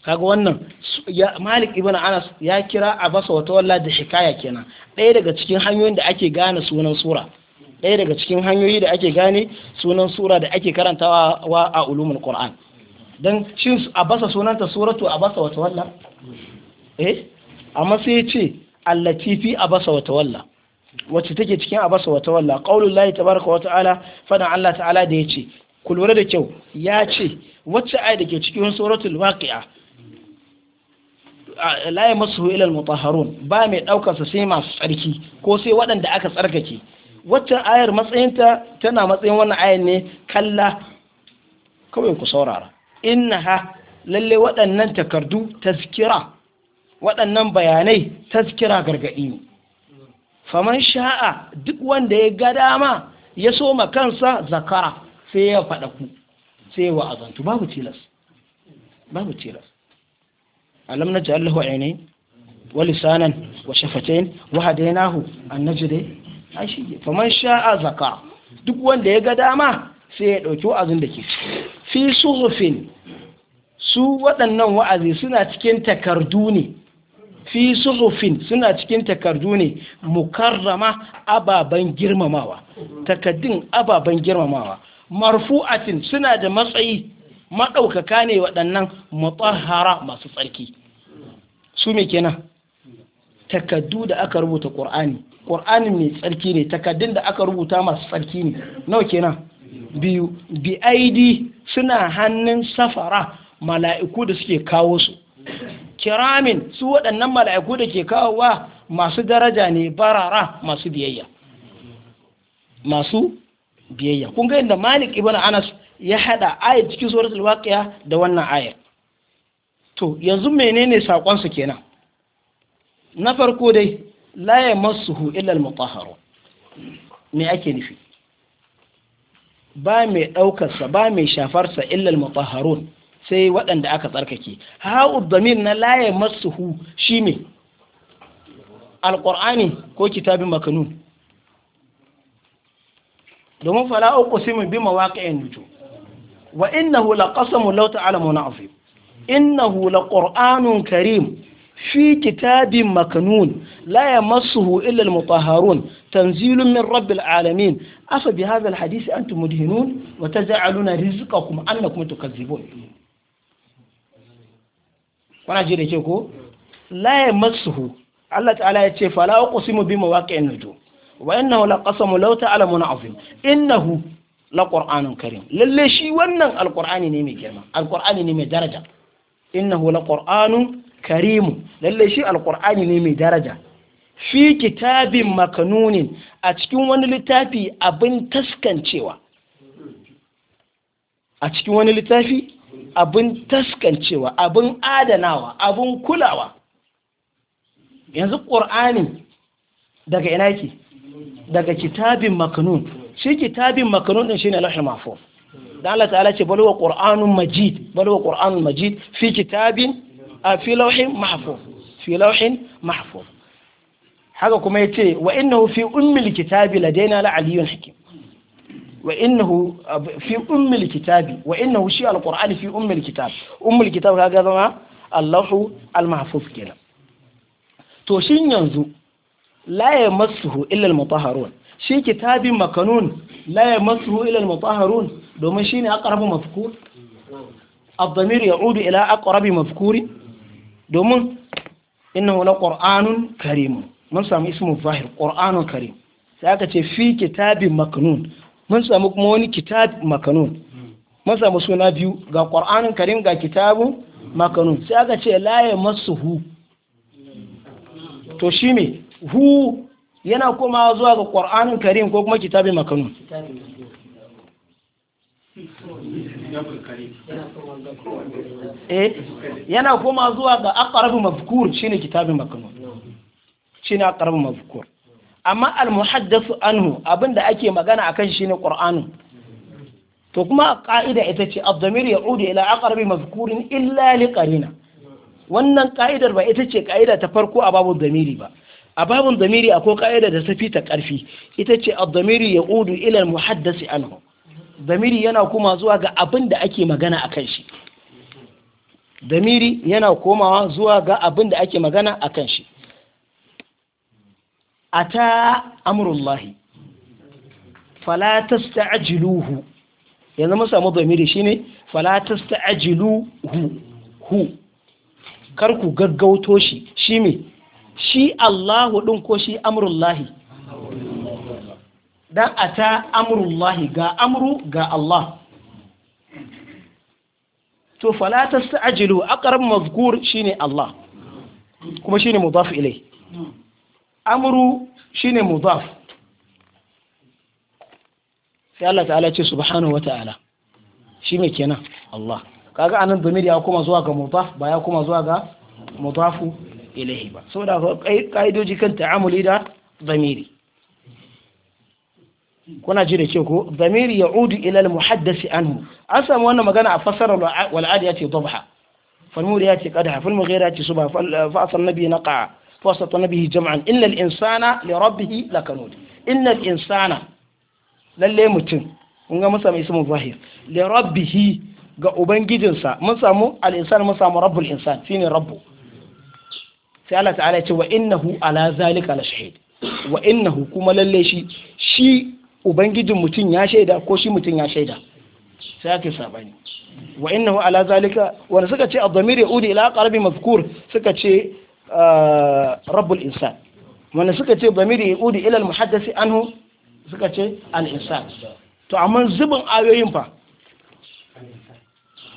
kaga wannan malik ibn anas ya kira abasa wa tawalla da shikaya kenan ɗaya daga cikin hanyoyin da ake gane sunan sura ɗaya daga cikin hanyoyi da ake gane sunan sura da ake karantawa a ulumul qur'an dan cin abasa sunanta suratu abasa wa tawalla eh amma sai ce allati fi abasa wa tawalla wacce take cikin abasa wa tawalla qaulullahi tabaraka wa ta'ala fana Allah ta'ala da yace ku lura da kyau ya ce wacce ayi da ke cikin suratul waqi'a la yamassuhu ila al-mutahharun ba mai daukar sa sai masu tsarki ko sai waɗanda aka tsarkake wacce ayar matsayinta tana matsayin wannan ayar ne kalla kawai ku saurara innaha lalle waɗannan takardu tazkira waɗannan bayanai taskira gargaɗi ne faman sha'a duk wanda ya ga dama ya soma kansa zaka sai ya faɗa ku sai wa azantu babu tilas babu tilas alam na ja'allahu ne? wa sanan wa shafatain wa hadainahu an najde ai faman sha'a zaka duk wanda ya ga dama sai ya ɗauki wa'azin da ke fi suhufin su waɗannan wa'azi suna cikin takardu ne fi suhufin suna cikin takardu ne mukarrama ababen girmamawa takardun ababen girmamawa marfu'atin suna da matsayi maɗaukaka ne waɗannan matsahara masu tsarki su me kenan takardu da aka rubuta ƙur'ani ƙur'ani mai tsarki ne Takardun da aka rubuta masu tsarki ne nawa kenan biyu bi suna hannun safara mala'iku da suke kawo su kiramin su waɗannan mala'iku da ke kawowa masu daraja ne barara masu biyayya masu biyayya kun ga inda malik ibn anas ya haɗa ayat cikin suratul waqiya da wannan aya to yanzu menene sakon kenan na farko dai la yamassuhu illa al me ake nufi ba mai ɗaukarsa ba mai shafarsa sa illa sai waɗanda aka tsarkake ha'ud damir na laye masuhu shine alqur'ani ko kitabin makanun domin fala uqsimu bi mawaqi'in nujum wa innahu laqasamu law ta'lamuna azim innahu laqur'anun karim fi في كتاب مكنون لا يمسه إلا المطهرون تنزيل من رب العالمين أفبهذا الحديث أنتم مدهنون وتجعلون رزقكم أنكم تكذبون kuna ji da ke ko la masuhu. Allah ta'ala ya ce fala uqsimu bi mawaqi'in nujum wa innahu laqasamu law ta'lamuna azim innahu laqur'anun karim lalle shi wannan alqur'ani ne mai girma alqur'ani ne mai daraja innahu laqur'anun karim lalle shi alqur'ani ne mai daraja fi kitabin makanunin a cikin wani littafi abin taskancewa a cikin wani littafi abin taskancewa abin adanawa abin kulawa yanzu ƙur'ani daga ina yake daga kitabin makanun shi kitabin makanun shi ne lahir mafo da Allah ta'ala ce balwa qur'anun majid balwa qur'anun majid fi kitabin a fi lawhin mahfuz fi lawhin mahfuz haka kuma yace wa inna fi ummil kitabi ladaina la aliyyun hakim wa innahu fi ummil kitabi wa innahu shi alqur'ani fi ummil kitab ummil kitab kaga zama allahu almahfuz kenan to shin yanzu la yamassuhu illa almutahharun shi kitabi makanun la yamassuhu illa almutahharun domin shine aqrabu mafkur الضمير يعود إلى أقرب مذكور دومن إنه لقرآن كريم من سمى اسمه الظاهر قرآن كريم سأكتب في كتاب مكنون mun samu kuma wani kitab makanun mun samu suna biyu ga ƙwar'anin karim ga kitabun makanun sai aka ce laye ya hu, to shi ne hu yana kuma zuwa ga ƙwar'anin karim ko kuma kitabin makanun eh yana kuma zuwa ga mafukur shi ne kitabin makanun ne aqrabu mafukur amma al muhaddasu anhu abinda ake magana akan shi ne qur'anu to kuma ka'ida ita ce ad-damir ya'udu ila aqrabi mazkurin illa liqarina wannan ka'idar ba ita ce ka'ida ta farko a babu damiri ba a babun damiri akwai ka'ida da ta ta karfi ita ce ad-damiri ya'udu ila al anhu damiri yana kuma zuwa ga abinda ake magana akan shi damiri yana komawa zuwa ga abinda ake magana akan shi ata amrullahi fala tasta'jiluhu yanzu mun samu zamiri shine fala tasta'jiluhu hu kar ku gaggauto shi shi ne shi Allahu din ko shi amrullahi dan ta amrullahi ga amru ga Allah to fala tasta'jilu aqrab shi shine Allah kuma shine mudaf ilai. amru shine mudaf sai Allah ta'ala ce subhanahu wata'ala shi mai kenan Allah kaga anan damir ya kuma zuwa ga mudaf ba ya kuma zuwa ga mudafu ilaihi ba saboda kaidoji kan ta'amuli da damiri kuna ji da ce ko damiri ya'udu ila al-muhaddasi anhu an samu wannan magana a fassarar wal'adi ya ce dabha falmuri ya ce qadha falmughira ya ce subha fa asal nabi naqa فوسطنا به جمعا إن الإنسان لربه لكنود إن الإنسان للي متن ونغا مسامي اسم ظاهر لربه ga ubangijinsa mun samu al-insan mun samu rabbul insan shine rabbu sai Allah ta'ala ya ce wa innahu ala zalika la shahid wa innahu kuma lalle shi shi ubangijin mutum ya shaida ko shi mutum ya shaida sai ake sabani wa innahu ala zalika wanda suka ce ad ya udi ila qalbi mazkur suka ce rabbul insan wanda suka ce bamiri ya ƙudi ilal muhaddasi anhu suka ce al-insan to amma zubin ayoyin fa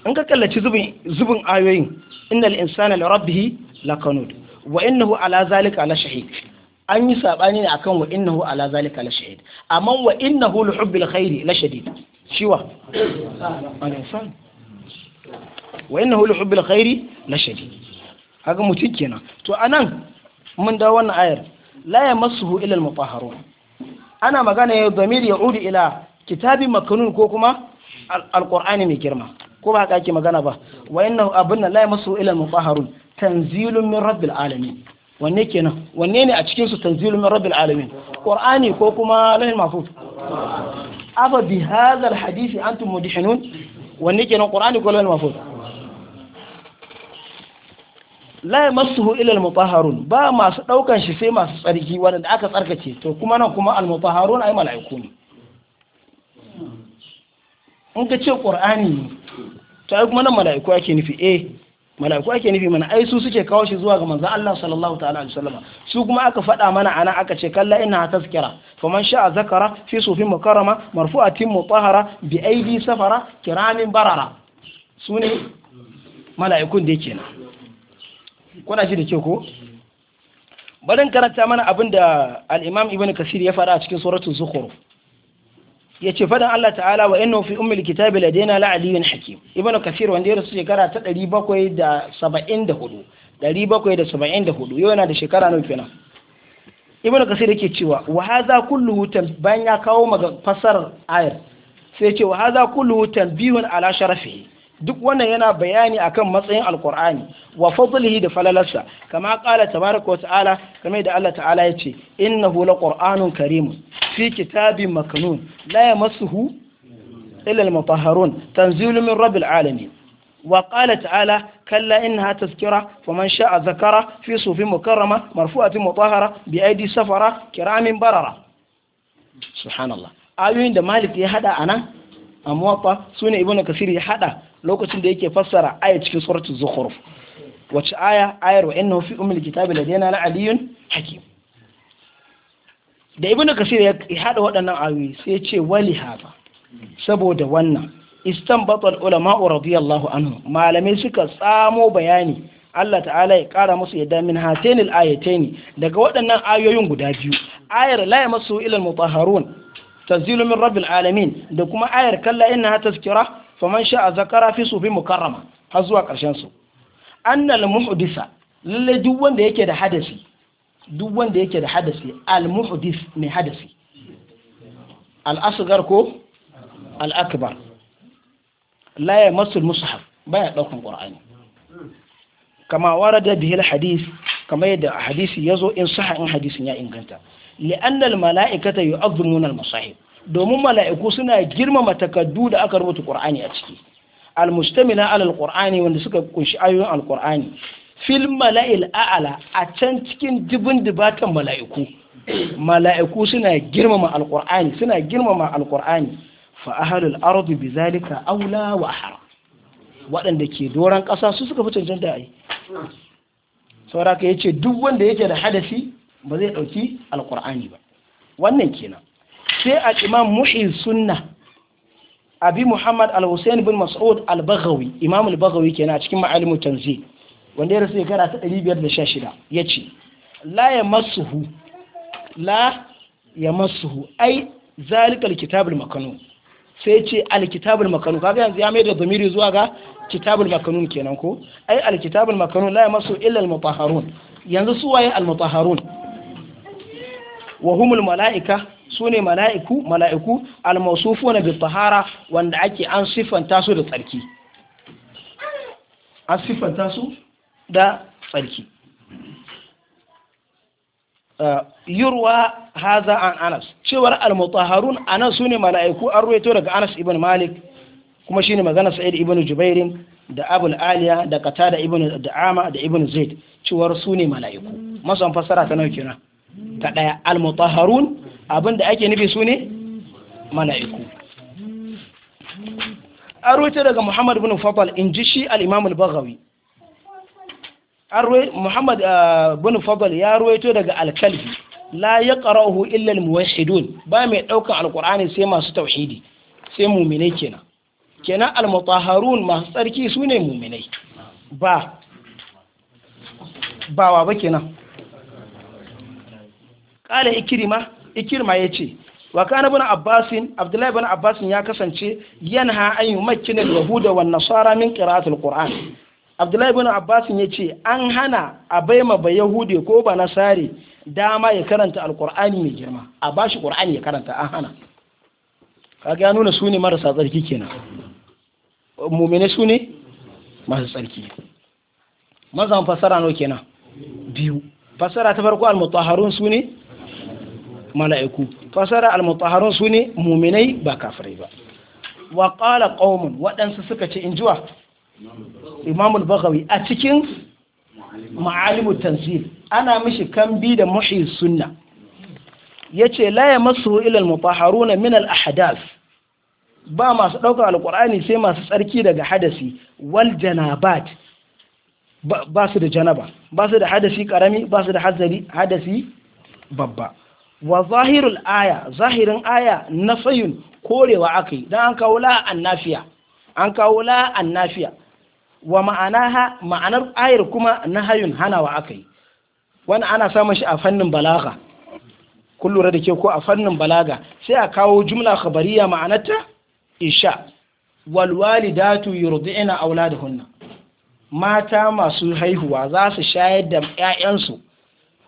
in ka kallaci zubin zubin ayoyin innal insana li rabbihi lakanud wa innahu ala zalika la shahid an yi sabani ne akan wa innahu ala zalika la shahid amma wa innahu li hubbil khairi la shadid shiwa al-insan wa innahu li hubbil khairi la shadid haka mutum kenan to anan mun dawo wannan ayar la ya masuhu al-mutahharun ana magana ya damir ya udu ila kitabin makanun ko kuma alqur'ani mai girma ko ba ka ki magana ba wa inna abun la ya masuhu al-mutahharun tanzilun min rabbil alamin wanne kenan wanne ne a cikin su tanzilun min rabbil alamin qur'ani ko kuma lahil mahfuz afa bi hadha al antum mudhinun wanne kenan qur'ani ko lahil mahfuz la yamassuhu illa al-mutahharun ba masu daukan shi sai masu tsarki wanda aka tsarkake to kuma nan kuma al-mutahharun ay mala'iku ne in ka ce qur'ani to ai kuma nan mala'iku ake nufi eh mala'iku ake nufi mana ai su suke kawo shi zuwa ga manzo Allah sallallahu ta'ala alaihi wasallam su kuma aka faɗa mana ana aka ce kalla inna tazkira faman sha'a zakara fi sufin mukarrama marfu'atin mutahhara bi aidi safara kiramin barara sune ne mala'ikun da yake nan kuna shi da ke ko barin karanta mana abin da al-imam ibn kasir ya fara a cikin zukuru ya ce faɗin Allah ta'ala wa innahu fi ummil kitabi ladaina la hakim ibn kasir wanda ya rasu shekara ta 774 yau yana da shekara nawa kenan ibn kasir yake cewa wa ku kulluhu bayan ya kawo maga fasar ayar sai yace wa hadha kulluhu biyun ala sharafi duk wannan yana bayani akan matsayin alkur'ani wa fadlihi da falalarsa kama kala tabaraka wa ta'ala kamar da Allah ta'ala ya ce innahu laqur'anun karimun fi kitabin makanun la yamassuhu illa al-mutahharun tanzilun min rabbil alamin wa qala ta'ala kalla innaha tazkira faman sha'a zakara fi sufin mukarrama marfu'atin mutahhara bi aidi safara kiramin barara subhanallah ayoyin da malik ya haɗa a nan. a muwatta su ne ibn kasir ya hada lokacin da yake fassara aya cikin suratul zukhruf wace aya ayar wa innahu fi ummil kitabi ladina la aliyun hakim da ibn kasir ya hada waɗannan ayoyi sai ya ce wali hada saboda wannan istanbata ulama radiyallahu anhu malamai suka tsamo bayani Allah ta'ala ya kara musu yadda min hatenil ayataini daga waɗannan ayoyin guda biyu ayar la yamassu ilal mutahharun tanzilu min alamin da kuma ayar kalla innaha tazkira faman sha'a zakara fi sufi mukarrama har zuwa karshen su annal muhdisa lalle duk wanda yake da hadasi duk wanda yake da hadasi al muhdis mai hadasi al asghar ko al akbar la yamassu al mushaf baya daukan qur'ani kama warada bihi al hadith kamar yadda hadisi yazo in saha in hadisin ya inganta li'annal mala'ikata yu'azzimuna al-masahib domin mala'iku suna girmama takaddu da aka rubuta qur'ani a ciki al-mustamila ala al-qur'ani wanda suka kunshi ayoyin al-qur'ani fil mala'il a'ala a can cikin dibin dibatan mala'iku mala'iku suna girmama al-qur'ani suna girmama al-qur'ani fa ahlul ardi bizalika aula wa ahra waɗanda ke doran ƙasa su suka fi cancanta a yi sauraka duk wanda yake da hadasi ba zai ɗauki alƙur'ani ba wannan kenan sai a imam muhi sunna abi muhammad al-husayn bin mas'ud al-baghawi imam al-baghawi kenan a cikin ma'alimu tanzi wanda ya rasu shekara ta 516 yace la yamassuhu la yamassuhu ai zalikal kitabul makanu sai ce alkitabul makanu kaga yanzu ya mai da zamiri zuwa ga kitabul makanu kenan ko ai alkitabul makanu la yamassu illa al-mutahharun yanzu su waye al-mutahharun wa humul mala'ika sune mala'iku mala'iku almasufu na bi tahara wanda ake an siffanta su da tsarki an siffanta su da tsarki uh, yurwa haza an anas cewar almutaharun mutahharun su sune mala'iku an ruwaito daga anas ibn malik kuma shi ne magana sa'id ibn jubairin da abul aliya da da ibn da'ama da ibn zaid cewar sune mala'iku masan fassara ta nauke kenan ta ɗaya al-mutahharun abinda ake nufi su ne mala'iku an rute daga Muhammad bin fatal in ji shi al-Imam al-Baghawi Muhammad ah, bin fatal ya ruwaito daga al-Kalbi la yaqra'uhu illa illal muwahhidun ba mai ɗaukar al sai masu tauhidi sai mu'minai kenan kenan al-mutahharun masu tsarki ne mu'minai ba bawa ba kenan qala Ikirma ya yace wa kana ibn abbas abdullahi ibn abbas ya kasance yanha an yumakkina yahuda wan nasara min qira'atil qur'an abdullahi ibn abbas yace an hana a ba yahude ko ba nasari dama ya karanta alqur'ani mai girma a bashi qur'ani ya karanta an hana kaga ya nuna sune marasa tsarki kenan mu'mini sune marasa masu tsarki mazan fasara no kenan biyu fasara ta farko al-mutahharun sune mala'iku fasara al su sune mu'minai ba kafirai ba wa qala qaumun suka ce injiwa. imamul Bakawi a cikin ma'alimu tanzil ana mishi kambi da muhi sunna yace la yamassu ila al-mutahharuna min al ba masu ɗaukar Alƙur'ani sai masu tsarki daga hadasi wal janabat ba su da janaba ba su da hadasi karami ba su da hadasi babba wa zahirul aya zahirin aya na sayun korewa aka yi don an kawo la an kawo wa ma'anaha ma'anar ayar kuma na hayun hanawa aka yi wani ana samun shi a fannin balaga kun lura da ke ko a fannin balaga sai a kawo jumla khabariya ma'anarta isha wal walidatu yurdi'na auladahunna mata masu haihuwa za su shayar da 'ya'yansu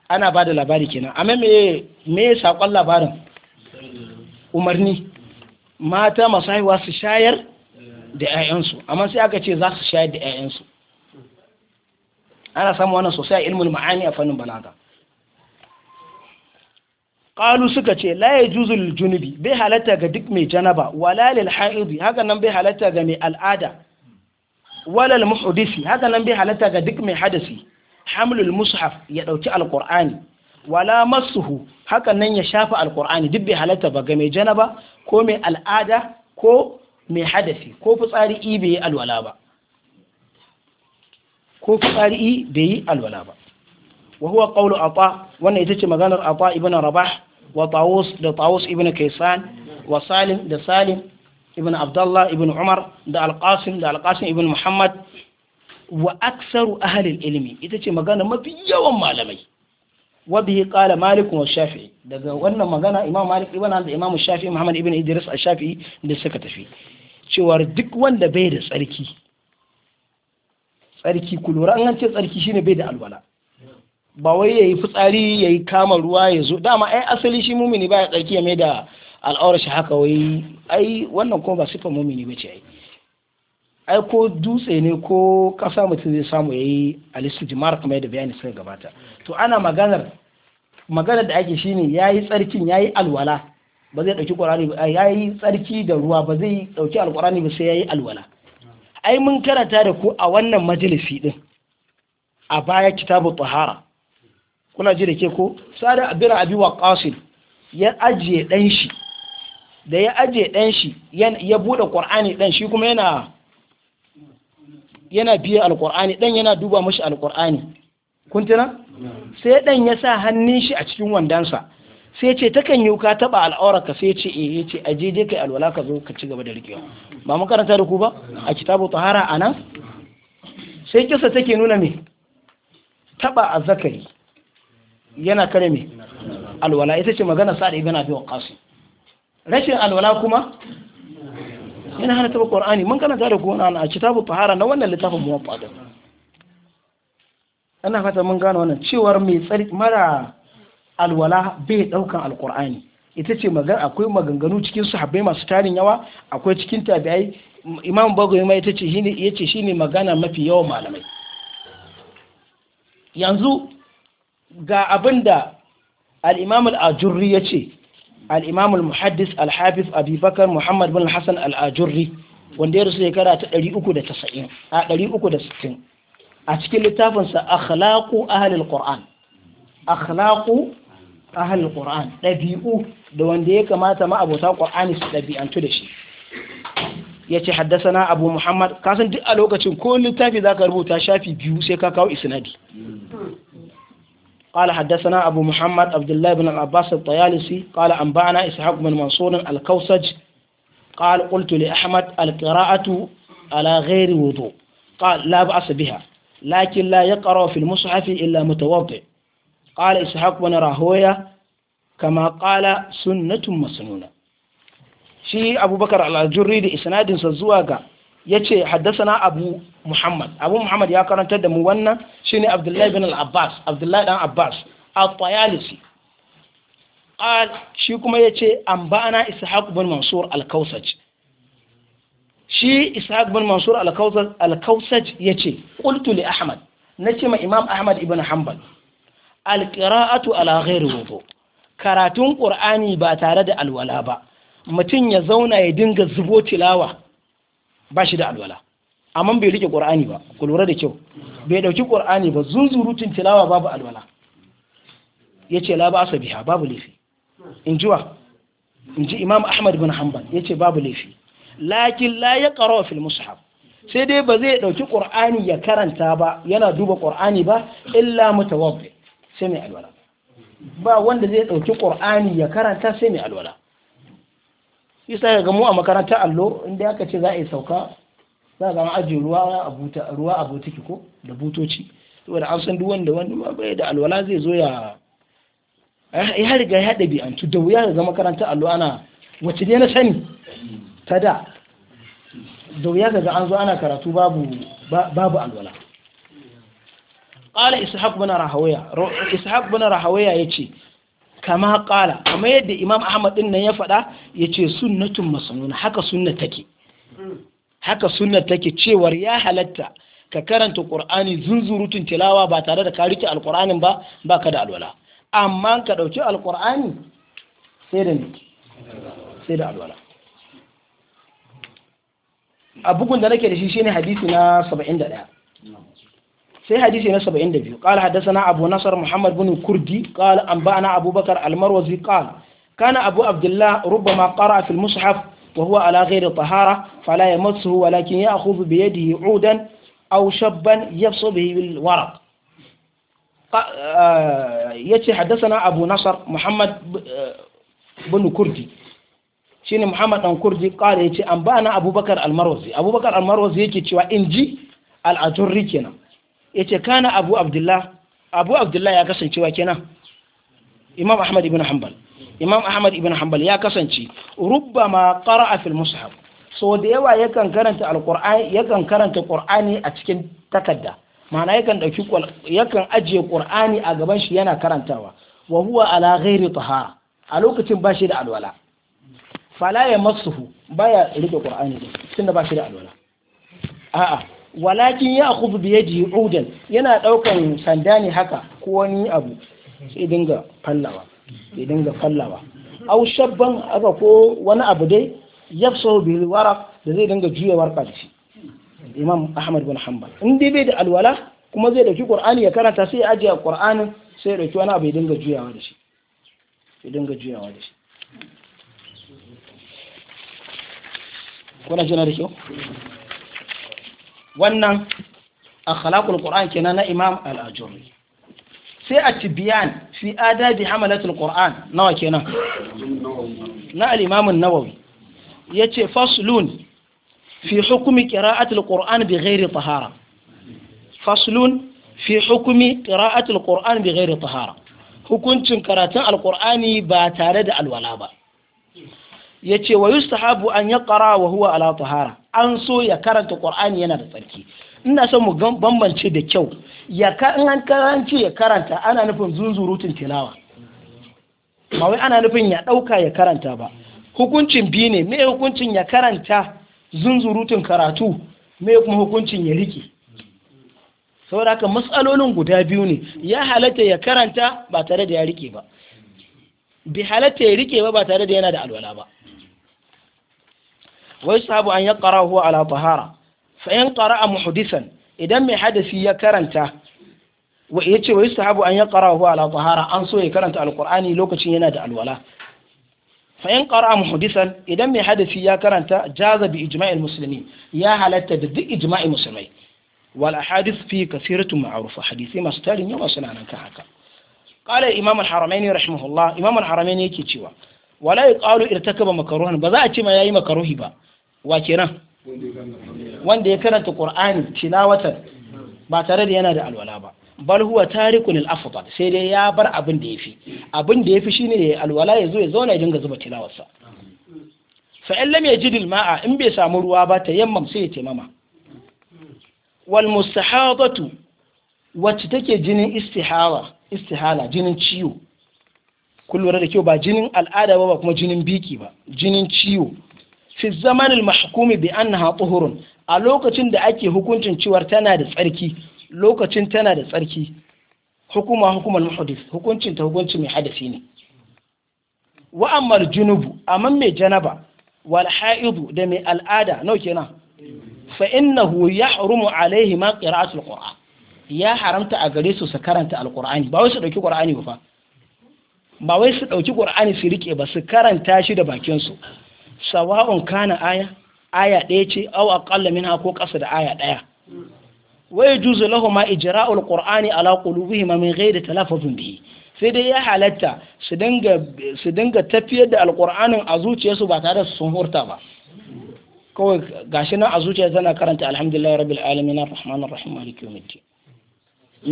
ana ba da labari kenan amma me me sakon labarin umarni mata masu haihuwa su shayar da 'ya'yansu amma sai aka ce za su shayar da 'ya'yansu ana samu wannan sosai a ilmul ma'ani a fannin balaga qalu suka ce la yajuzu lil junubi bai halatta ga duk mai janaba wala lil haidi haka nan bai halatta ga mai al'ada wala lil muhdisi haka nan bai halatta ga duk mai hadasi hamlul mushaf ya ɗauki alƙur'ani wala masuhu hakan nan ya shafa alƙur'ani duk bai halatta ba ga mai janaba ko mai al'ada ko mai hadasi ko fitsari i bai yi alwala ba ko fitsari i bai yi alwala ba wa huwa qawlu ata wannan ita ce maganar ata ibn rabah wa tawus da tawus ibn kaysan wa salim da salim ibn abdullah ibn umar da alqasim da alqasim ibn muhammad wa aksaru ahalil ilimi ita ce magana mafi yawan malamai wa ya kala malik wa shafi'i daga wannan magana imam malik ibn da imam shafi'i muhammad ibn idris a shafii da suka tafi cewa duk wanda bai da tsarki tsarki kulura an ce tsarki shine bai da alwala ba wai yayi fitsari yayi kama ruwa ya zo dama ai asali shi mumini baya tsarki ya mai da al'aurashi haka wai ai wannan kuma ba sifar mumini bace ai ai ko dutse ne ko kasa mutum zai samu ya yi jimar kamar yadda bayani suka gabata to ana maganar maganar da ake shine ya yi tsarkin ya yi alwala ba zai ɗauki ƙwarani ba ya yi tsarki da ruwa ba zai ɗauki alƙwarani ba sai ya yi alwala ai mun karanta da ku a wannan majalisi ɗin a baya kitabu tahara kuna ji da ke ko sada abin abi wa qasim ya ajiye dan shi da ya ajiye dan shi ya buɗe qur'ani dan shi kuma yana yana biya alkur'ani ɗan yana duba mashi alkur'ani kun sai ɗan ya sa hannun shi a cikin wandansa sai ce takan yi ka taba al'aurarka sai ce eh yace aje je kai alwala ka zo ka ci gaba da rikewa ba makaranta da ku ba a kitabu tahara nan. sai kisa take nuna me a zakari. yana kare me alwala ita ce magana sa da ibn abi waqas rashin alwala kuma yana hana taba qur'ani mun karanta da gona a kitabu tahara na wannan littafin muwaffa da ana fata mun gano wannan cewar mai tsari mara alwala bai daukan alqur'ani ita ce magana akwai maganganu cikin su sahabbai masu tarin yawa akwai cikin tabi'ai imam bagoyi ma ita ce shine yace shine magana mafi yawa malamai yanzu ga abinda al-imam al-ajurri ce. al al-muhaddis al-hafiz abubakar muhammad bin hassan al'ajurri, wanda ya rasu shekara ta 390 a 360 a cikin littafinsa akhlaqu ahlul qur'an akhlaqu ahlul qur'an Ɗabi'u da wanda ya kamata ma abota qur'ani su ɗabi'antu da shi yace haddasa abu muhammad kasan duk a lokacin ko littafi zaka rubuta shafi biyu sai ka kawo isnadi قال حدثنا أبو محمد عبد الله بن العباس الطيالسي قال أنبأنا إسحاق بن منصور الكوسج قال قلت لأحمد القراءة على غير وضوء قال لا بأس بها لكن لا يقرأ في المصحف إلا متوضئ قال إسحاق بن راهوية كما قال سنة مسنونة شي أبو بكر الجري لإسناد سزواغا يتي حدثنا أبو محمد أبو محمد يا كرنت دمو wannan shine Abdullahi bin al-Abbas Abdullahi dan Abbas al-Tayalisi shi kuma yace anba'ana Ishaq bin Mansur al-Kausaj shi Ishaq bin Mansur al-Kausaj yace qultu li Ahmad ce ma Imam Ahmad ibn Hanbal alƙira'atu qiraatu ala ghairi karatun Qur'ani ba tare da alwala ba mutum ya zauna ya dinga zubo tilawa ba shi da alwala amma bai rike qur'ani ba ku lura da kyau bai dauki qur'ani ba zunzurutun tilawa babu alwala yace la ba biha babu laifi in jiwa in ji imam ahmad bin hanbal yace babu laifi lakin la yaqra fil mushaf sai dai ba zai dauki qur'ani ya karanta ba yana duba qur'ani ba illa mutawaddi sai mai alwala ba wanda zai dauki qur'ani ya karanta sai mai alwala yasa ga mu a makaranta allo inda aka ce za a yi sauka za a zama ajiye ruwa a buta ko da butoci saboda an san duk wanda wani ma bai da alwala zai zo ya ya riga ya ɗabi'antu da wuya zama karanta allo ana wacce ne na sani ta da da wuya ga an zo ana karatu babu babu alwala qala ishaq bin rahawaya ishaq bin rahawaya yace kama qala kama yadda imam ahmad din nan ya faɗa yace sunnatun masnuna haka sunna take haka sunnar take cewar ya halatta ka karanta qur'ani zunzurutun tilawa ba tare da ka rike alqur'anin ba baka da alwala amma ka dauki alqur'ani sai da sai da alwala a bugun da nake da shi shine hadisi na 71 sai hadisi na 72 qala hadathana abu nasar muhammad bin kurdi qala anba'ana abubakar al-marwazi qala kana abu abdullah rubbama qara'a fil mushaf wa huwa ala ghairi tahara fala yamassuhu walakin ya'khudhu bi yadihi 'udan aw shabban yafsu bihi bil waraq yace haddathana abu nasr muhammad bin kurdi shine muhammad dan kurdi qala yace an bana abubakar al-marwazi abubakar al-marwazi yake cewa inji al yace kana abu abdullah abu abdullah ya kasancewa kenan imam ahmad ibn hanbal imam ahmad ibn hanbal ya kasance rubbama qara'a fil mushaf so da yawa yakan karanta alqur'ani yakan karanta qur'ani a cikin takarda ma'ana yakan dauki yakan ajiye qur'ani a gaban shi yana karantawa wa huwa ala ghairi tahara a lokacin ba da alwala fala ya masuhu baya rike qur'ani din tunda ba shi da alwala a'a walakin ya akhudhu bi yadihi udan yana daukan sanda ne haka ko wani abu sai dinga fallawa ke dinga fallawa au shabban aka ko wani abu dai yafso bil wara da zai dinga juya warqa da shi imam ahmad bin hanbal in dai bai da alwala kuma zai dauki qur'ani ya karanta sai ya ajiye qur'anin sai ya dauki wani abu ya dinga juyawa da shi ya dinga juyawa da shi kuna jina da kyau wannan akhlaqul qur'an kenan na imam al-ajurri sai a tibiyan fi adabi hamalatul qur'an nawa kenan na al-imam an-nawawi yace faslun fi hukmi qira'atul qur'an bi ghairi tahara faslun fi hukmi qira'atul qur'an bi ghairi tahara hukuncin karatun alqur'ani ba tare da alwala ba yace wa yustahabu an yaqra wa huwa ala tahara an so ya karanta qur'ani yana da tsarki ina son mu bambance da kyau ya ka in an karanci ya karanta ana nufin zunzurutun tilawa ba wai ana nufin ya ɗauka ya karanta ba hukuncin bi ne me hukuncin ya karanta zunzurutun karatu me kuma hukuncin ya rike saboda haka matsalolin guda biyu ne ya halatta ya karanta ba tare da ya rike ba bi halatta ya rike ba ba tare da yana da alwala ba wai sabu an ya huwa ala tahara fayan ƙara a muhdisan idan mai hadasi ya karanta wa ya ce wa yustahabu an ya ƙara wa ala an so ya karanta alƙur'ani lokacin yana da alwala fayan ƙara a idan mai hadasi ya karanta jaza bi ijma'il musulmi ya halatta da duk ijma'i musulmai wal ahadith fi kasiratun ma'arufa hadisi masu tarin yawa suna nan kan haka qala imam al-haramain rahimahullah imam al-haramain yake cewa wala yaqalu irtakaba makruhan ba za a ce ma yayi makruhi ba wa wanda ya karanta qur'ani tilawatan ba tare da yana da alwala ba bal huwa tariqul lil afdal sai dai ya bar abin da yafi abin da yafi shine ya alwala ya zo ya zauna ya dinga zuba tilawarsa fa in lam yajid al ma'a in bai samu ruwa ba ta yammam sai ya taimama wal mustahadatu wacce take jinin istihala istihala jinin ciwo kun da kyau ba jinin al'ada ba kuma jinin biki ba jinin ciwo fi zamanin mahkumi bi annaha tuhurun a lokacin da ake hukuncin cewar tana da tsarki lokacin tana da tsarki hukuma hukumar muhadis hukuncin ta hukunci mai hadisi ne wa ammar junubu amma mai janaba wal haidu da mai al'ada nawa kenan fa innahu yahrumu alaihi ma qira'atul alquran ya haramta a gare su su karanta alqur'ani ba wai su dauki qur'ani ba ba wai su dauki qur'ani su rike ba su karanta shi da bakin su sawa'un kana aya aya ɗaya ce aw aqalla minha ko ƙasa da aya ɗaya wa yajuzu lahum ijra'ul qur'ani ala qulubihim min ghairi talaffuzin bihi sai dai ya halatta su dinga su dinga tafiyar da alqur'anin a zuciyarsu ba tare da sun hurta ba kawai gashi nan a zuciya tana karanta alhamdulillah rabbil alamin arrahman arrahim maliki yawmiddin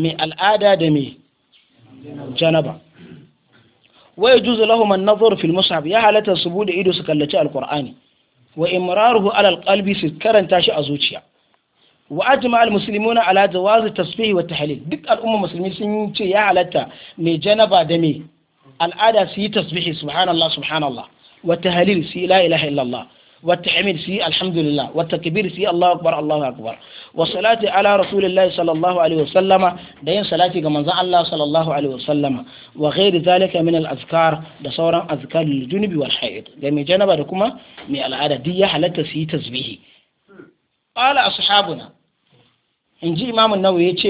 mai al'ada da mai janaba wa yajuzu lahum an-nazar fil mushaf ya halatta su bude ido su kallaci alqur'ani wa imraruhu alal qalbi su karanta shi a zuciya wa ajma al muslimuna ala jawaz tasbih wa tahlil duk al'umma musulmi sun ce ya halatta mai janaba da mai al'ada su yi tasbihi subhanallah subhanallah wa tahlil su la ilaha illallah والتحميد سي الحمد لله والتكبير سي الله أكبر الله أكبر والصلاة على رسول الله صلى الله عليه وسلم دين صلاة كما الله صلى الله عليه وسلم وغير ذلك من الأذكار دصورا أذكار الجنب والحيض جميع جنب ركما من العددية حالة سي تسبيه قال أصحابنا in ji imamun nawa ya ce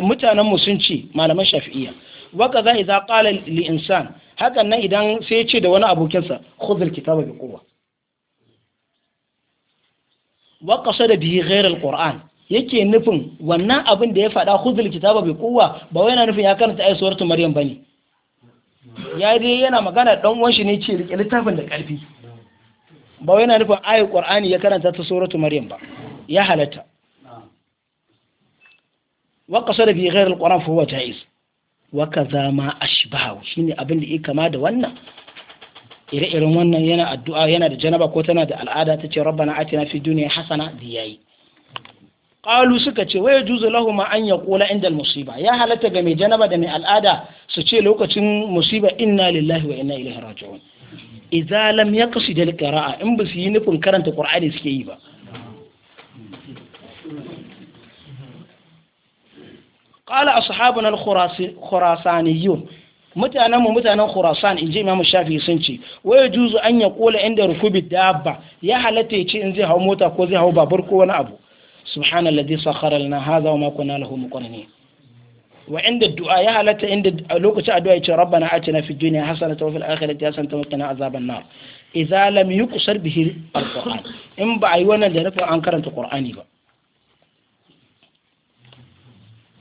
mutanenmu sun ce malaman shafi'iyya waka za idza qala li insan hakan nan idan sai ya ce da wani abokinsa khudh al kitaba bi quwwa wa da bihi ghayra alquran yake nufin wannan abin da ya faɗa khudhul kitaba bi quwwa ba wai yana nufin ya karanta ayat suratu maryam bane ya dai yana magana dan uwan shi ne ce rike littafin da karfi ba wai yana nufin ayat qur'ani ya karanta ta suratu maryam ba ya halatta wa da bihi ghayra alquran fa huwa jaiz wa kaza ma ashbahu shine abin da yake kama da wannan ire-iren wannan yana addu'a yana da janaba ko tana da al'ada ta ce rabbana atina fi duniya hasana da yayi qalu suka ce waya juzu lahum an yaqula inda musiba ya halatta ga mai janaba da mai al'ada su ce lokacin musiba inna lillahi wa inna ilaihi raji'un idza lam yaqsid al-qira'a in ba su yi nufin karanta qur'ani suke yi ba qala ashabuna al-khurasaniyun mutanen mu mutanen khurasan inji imamu shafi sun ce ya juzu an ya kola inda rukubi dabba ya halatta ya ce in zai hau mota ko zai hau babur ko wani abu subhanalladhi sakhara lana hadha wa ma kunna lahu muqrinin wa inda du'a ya halatta inda lokacin addu'a ya ce rabbana atina fid dunya hasanatan wa fil akhirati hasanatan wa qina azaban nar idza lam yuqsar bihi alquran in ba ayi wannan da nufin an karanta qur'ani ba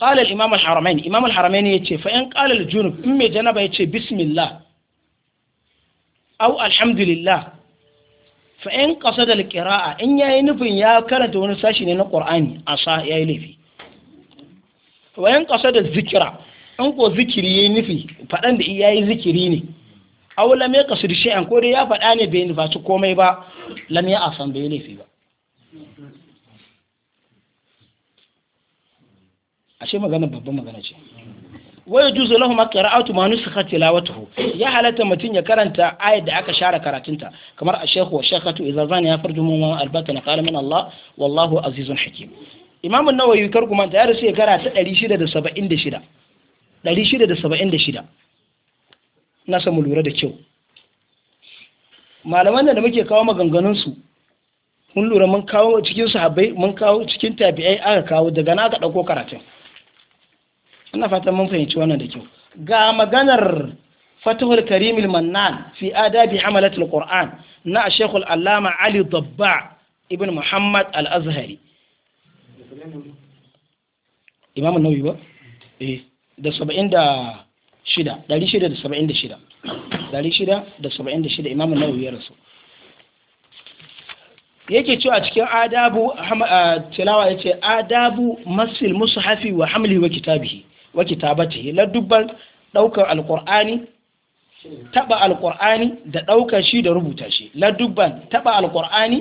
qala al-imam al-haramain imam al-haramain yace fa in qala al-junub in mai janaba yace bismillah aw alhamdulillah fa in qasada al-qira'a in yayi nufin ya karanta wani sashi ne na qur'ani asa yayi laifi wa in zikira in ko zikiri yayi nufi faɗan da yayi zikiri ne aw lam yaqsid shay'an ko dai ya faɗa ne bai nufaci komai ba lam ya asan bai laifi ba ashe magana babban magana ce waya juzu lahu qira'atu ma nusikha tilawatuhu ya halatta mutun ya karanta ayat da aka share karatunta kamar a shekhu wa shekhatu idza zani ya farju albaka na qala min Allah wallahu azizun hakim imam an-nawawi kar kuma ta rasu ya karata 676 676 na samu lura da kyau malaman da muke kawo maganganun su mun lura mun kawo cikin sahabbai mun kawo cikin tabi'ai aka kawo daga na aka dauko karatun ina fatan mun fahimci wannan da kyau ga maganar fatihul karimil mannan fi adabi hamalatul qur'an na shekul allama ali dabba ibn muhammad al-azhari imamun nauyi ba eh, da saba'in da shida dari shida da saba'in da shida dari shida da saba'in da shida imamun nauyi ya rasu yake a cikin adabu tilawa ya ce adabu masil musu hafi wa hamli wa kitabihi ta kitabatihi la dubban daukar alqur'ani taba alqur'ani da daukar shi da rubuta shi la dubban taba alqur'ani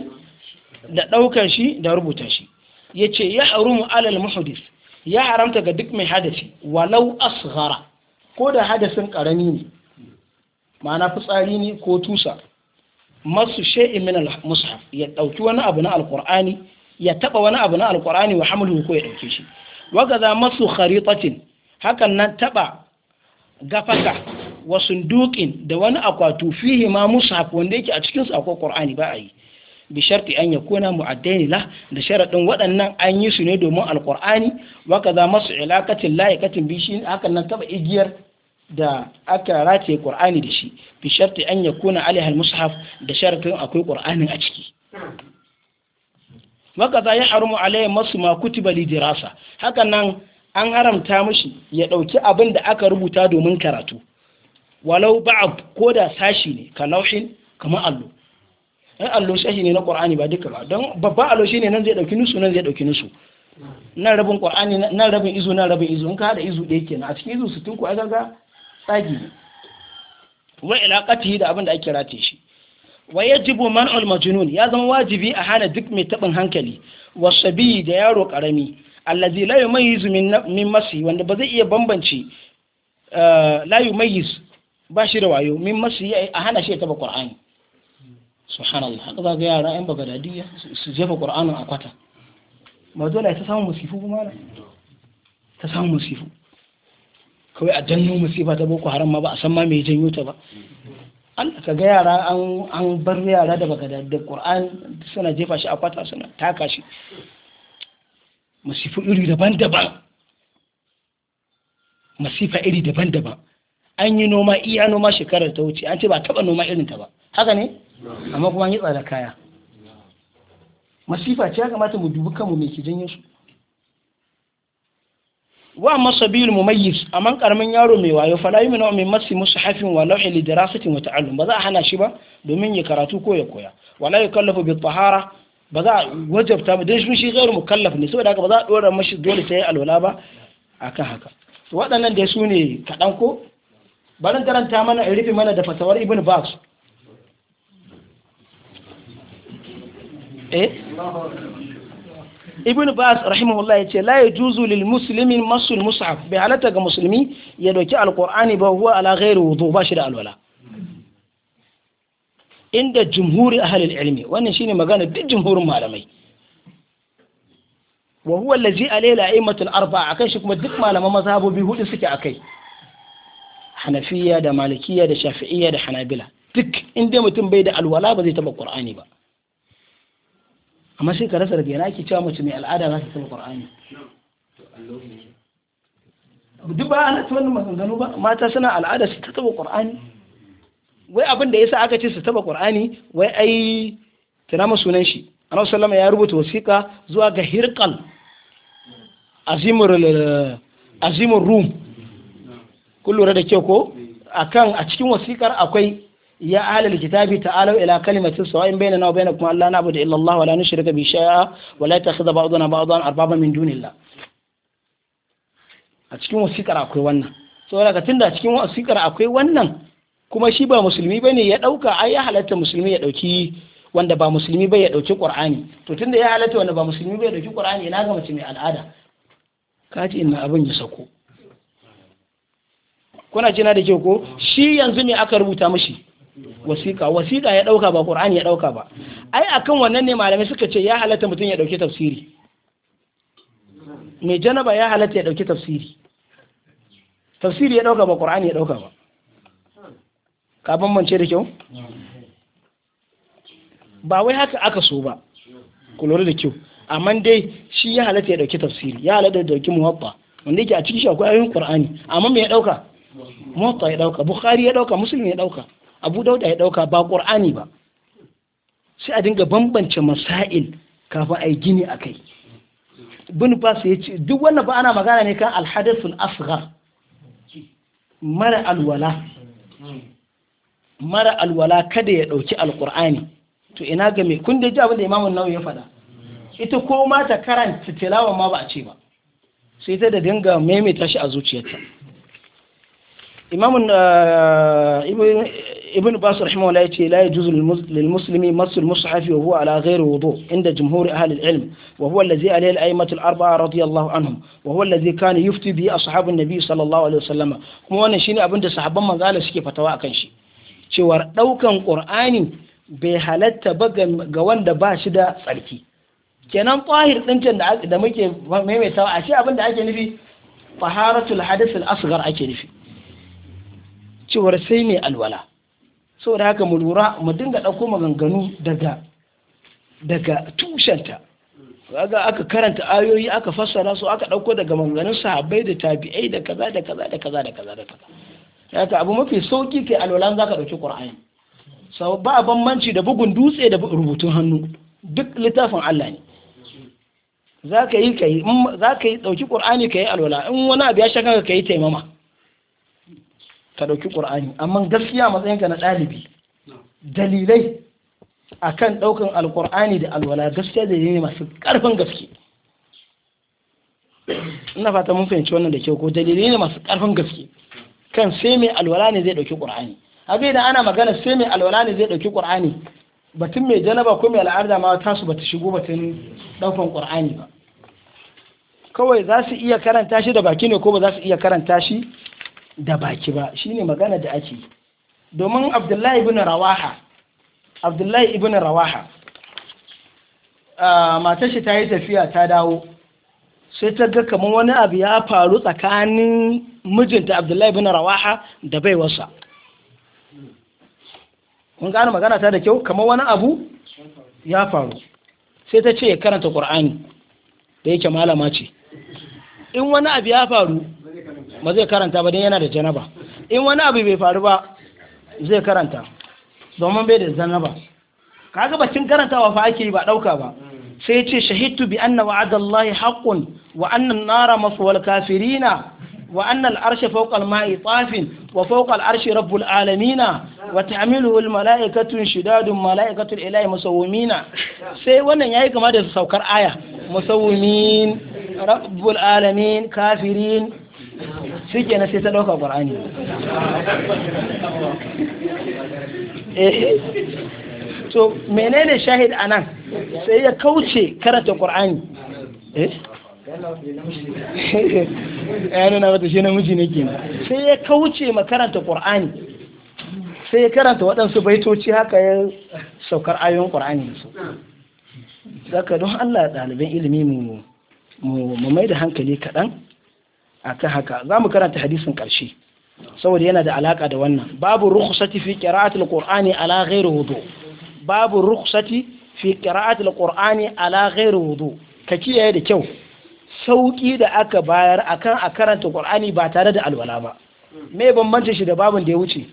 da daukar shi da rubuta shi yace ya harumu alal ya haramta ga duk mai hadasi walau asghara ko da hadasin karami ne ma'ana fitsari ne ko tusa masu shay'in min al-mushaf ya dauki wani abu na alqur'ani ya taba wani abu na alqur'ani wa hamluhu ko ya dauke shi Wagaza kaza masu kharitatin hakan nan taba gafaka wa sunduƙin da wani akwatu fihi ma mushaf wanda yake a cikin sako akwai qur'ani ba a yi bi sharti an yakuna mu'addani la da sharadin waɗannan an yi su ne domin alqur'ani wa kaza masu ilaqatin laikatin bi shi hakan nan taba igiyar da aka rataye qur'ani da shi bi sharti an yakuna alaiha al-mushaf da sharadin akwai qur'anin a ciki wa kaza ya harumu alaihi masu ma kutiba li dirasa hakan nan an haramta mashi ya ɗauki abin da aka rubuta domin karatu walau ba'ab ko da sashi ne ka laushin kamar allo ɗan allo sashi ne na ƙwar'ani ba duka ba don babban allo shi ne nan zai ɗauki nusu nan zai ɗauki nusu nan rabin ƙwar'ani nan rabin izu nan rabin izu in ka haɗa izu ɗaya kenan a cikin izu sittin ku kuwa ga tsagi ne wa ilaƙati da abin da ake rataye shi wa yajibu man'ul majnun ya zama wajibi a hana duk mai taɓin hankali wasabi da yaro ƙarami allazi la yumayyizu min masi wanda ba zai iya bambance eh, la yumayyiz ba shi da wayo min masi a hana shi ta ba qur'ani subhanallah haka za ga yara yan bagadadiya su jefa qur'ani a kwata ma dole ta samu musifu kuma ta samu musifu kawai a janno musifa ta boko haram ma ba a san ma me janyo ta ba Allah ka ga yara an bar yara da baka da Qur'an suna jefa shi a kwata suna taka shi Masifa iri daban-daban masifa iri daban-daban an yi noma iya noma shekarar ta wuce an ce ba taba noma irin ta ba haka ne amma kuma an yi tsada kaya masifa ce ya kamata mu dubi kanmu mai ke janyo su wa masabil mumayyiz amma karamin yaro mai wayo fala yumna min masi musu wa lawhi li dirasatin wa ta'allum ba za a hana shi ba domin ya karatu ko ya koya wala yukallafu bi tahara ba za a wajabta ba dan shi gairu mukallaf ne saboda haka ba za a dora mashi dole sai alwala ba akan haka to waɗannan dai su ne kaɗan ko barin karanta mana in rufe mana da fatawar ibn Bas eh ibn Bas rahimahullah yace la yajuzu lil muslimin masul mus'af bai halatta ga musulmi ya doki alqur'ani ba huwa ala ghairi wudu ba shi da alwala inda jumhuri ahlul ilmi wannan shine magana duk jumhurin malamai wa huwa allazi alayhi a'immatul arba'a akan shi kuma duk malaman mazhabobi hudu suke akai hanafiya da malikiya da shafi'iyya da hanabila duk inda mutum bai da alwala ba zai taba qur'ani ba amma sai ka rasa daga yana ake cewa mace mai al'ada za ta taba qur'ani duk ba ana ta wannan maganganu ba mata suna al'ada su ta taba qur'ani wai abin da yasa aka ce su taba qur'ani wai ai tana ma sunan shi annabi sallama ya rubuta wasiqa zuwa ga hirqal azimur azimur rum kun lura da kyau ko akan a cikin wasiqar akwai ya ahlal kitabi ta'ala ila kalimatin sawa'in bainana wa bainakum alla na'budu illa Allah wa la nushrika bi shay'a wa la yattakhidha ba'duna ba'dan arbaba min dunillah a cikin wasiqar akwai wannan saboda ka tunda cikin wasiqar akwai wannan kuma shi ba musulmi bane ya dauka ai ya halatta musulmi ya dauki wanda ba musulmi ba ya dauki qur'ani to tunda ya halatta wanda ba musulmi ba ya dauki qur'ani ina ga mace mai al'ada kaji inna abin ya sako kuna jina da kyau ko shi yanzu me aka rubuta mishi wasiƙa wasiƙa ya ɗauka ba qur'ani ya ɗauka ba ai akan wannan ne malamai suka ce ya halatta mutum ya ɗauki tafsiri mai janaba ya halatta ya ɗauki tafsiri tafsiri ya ɗauka ba qur'ani ya ɗauka ba ka bambance da kyau ba wai haka aka so ba ku lura da kyau amma dai shi ya halatta ya dauki tafsiri ya halatta ya dauki muhabba. wanda yake a cikin shi akwai ayoyin qur'ani amma me ya dauka muhabba ya dauka bukhari ya dauka muslim ya dauka abu dauda ya dauka ba qur'ani ba sai a dinga bambance masail kafin a yi gini a kai bin bas ya ce duk wannan ba ana magana ne kan alhadathul asghar mara alwala mara alwala kada ya ɗauki alƙur'ani to ina ga mai kun da ji abin da imamun nawa ya faɗa ita ko ma ta karanta tilawa ma ba a ce ba sai ta da dinga maimaita shi a zuciyarta imamun eh, ibn basu rahimahullah ya ce la yajuzu lil muslimi masu mushafi wa huwa ala ghairi wudu inda jumhur ahli al ilm wa huwa allazi alayhi al aimatu al arba'a radiyallahu anhum wa huwa allazi kana yufti bi ashabun nabi sallallahu alaihi wasallam kuma wannan shine abin da sahabban manzo suke fatawa akan shi cewar ɗaukan ƙur'ani bai halatta ba ga wanda ba shi da tsarki kenan tsahir ɗincin da muke maimaitawa a shi abin da ake nufi faharatul hadasul asghar ake nufi cewar sai mai alwala saboda haka mu lura mu dinga ɗauko maganganu daga daga tushenta kaga aka karanta ayoyi aka fassara su aka ɗauko daga maganganun sahabbai da tabi'ai da kaza da kaza da kaza da kaza da kaza haka abu mafi sauki kai alwala za ka ɗauki ƙur'ani sau ba bambanci da bugun dutse da rubutun hannu duk littafin Allah ne za ka yi ka za ka yi ɗauki ƙur'ani ka yi alwala in wani abu ya shaka ka yi taimama ka ɗauki ƙur'ani amma gaskiya matsayinka na ɗalibi dalilai akan ɗaukan alƙur'ani da alwala gaskiya da ne masu ƙarfin gaske ina fata mun fahimci wannan da kyau ko dalilai ne masu ƙarfin gaske kan sai mai alwala ne zai ɗauki ƙur'ani abin idan ana magana sai mai alwala ne zai ɗauki ƙur'ani batun mai janaba ko mai al'ada ma ta tasu bata shigo batun ɗaukan ƙur'ani ba kawai za su iya karanta shi da baki ne ko ba za su iya karanta shi da baki ba shine magana da ake domin abdullahi ibn rawaha abdullahi ibn rawaha matar shi ta yi tafiya ta dawo sai ta ga kamar wani abu ya faru tsakanin mijinta abdullahi bin rawaha da baiwarsa kun gane magana ta da kyau kamar wani abu ya faru sai ta ce ya karanta qur'ani da yake malama ce in wani abu ya faru ba zai karanta ba dan yana da janaba in wani abu bai faru ba zai karanta domin bai da janaba kaga bacin karantawa fa ake yi ba dauka ba sai ce shahidtu bi anna wa'adallahi haqqun wa annan nara kafirina wa annal arshe fawqal ma'i wa faukal arshe rabbul alamina wa ta'miluhu al mala'ikatu shidadun mala'ikatu ilahi musawwimina sai wannan yayi kama da saukar aya musawwimin rabbul alamin kafirin shi kenan sai ta ɗauka ƙwar'ani eh, to anan sai ya kauce karanta ƙwar'ani eh? ya nuna mata shi namiji ne ke sai ya kauce ma karanta sai ya karanta waɗansu baitoci haka ya saukar ayoyin ƙur'ani su zaka don Allah ɗaliban ilimi mu mu mai da hankali kaɗan akan haka za mu karanta hadisin ƙarshe saboda yana da alaƙa da wannan babu rukhsati fi qira'ati alqur'ani ala ghairi wudu babu rukhsati fi qira'ati alqur'ani ala ghairi wudu ka kiyaye da kyau sauƙi da aka bayar akan a karanta ƙwar'ani ba tare da alwala ba me bambanta shi da babin da ya wuce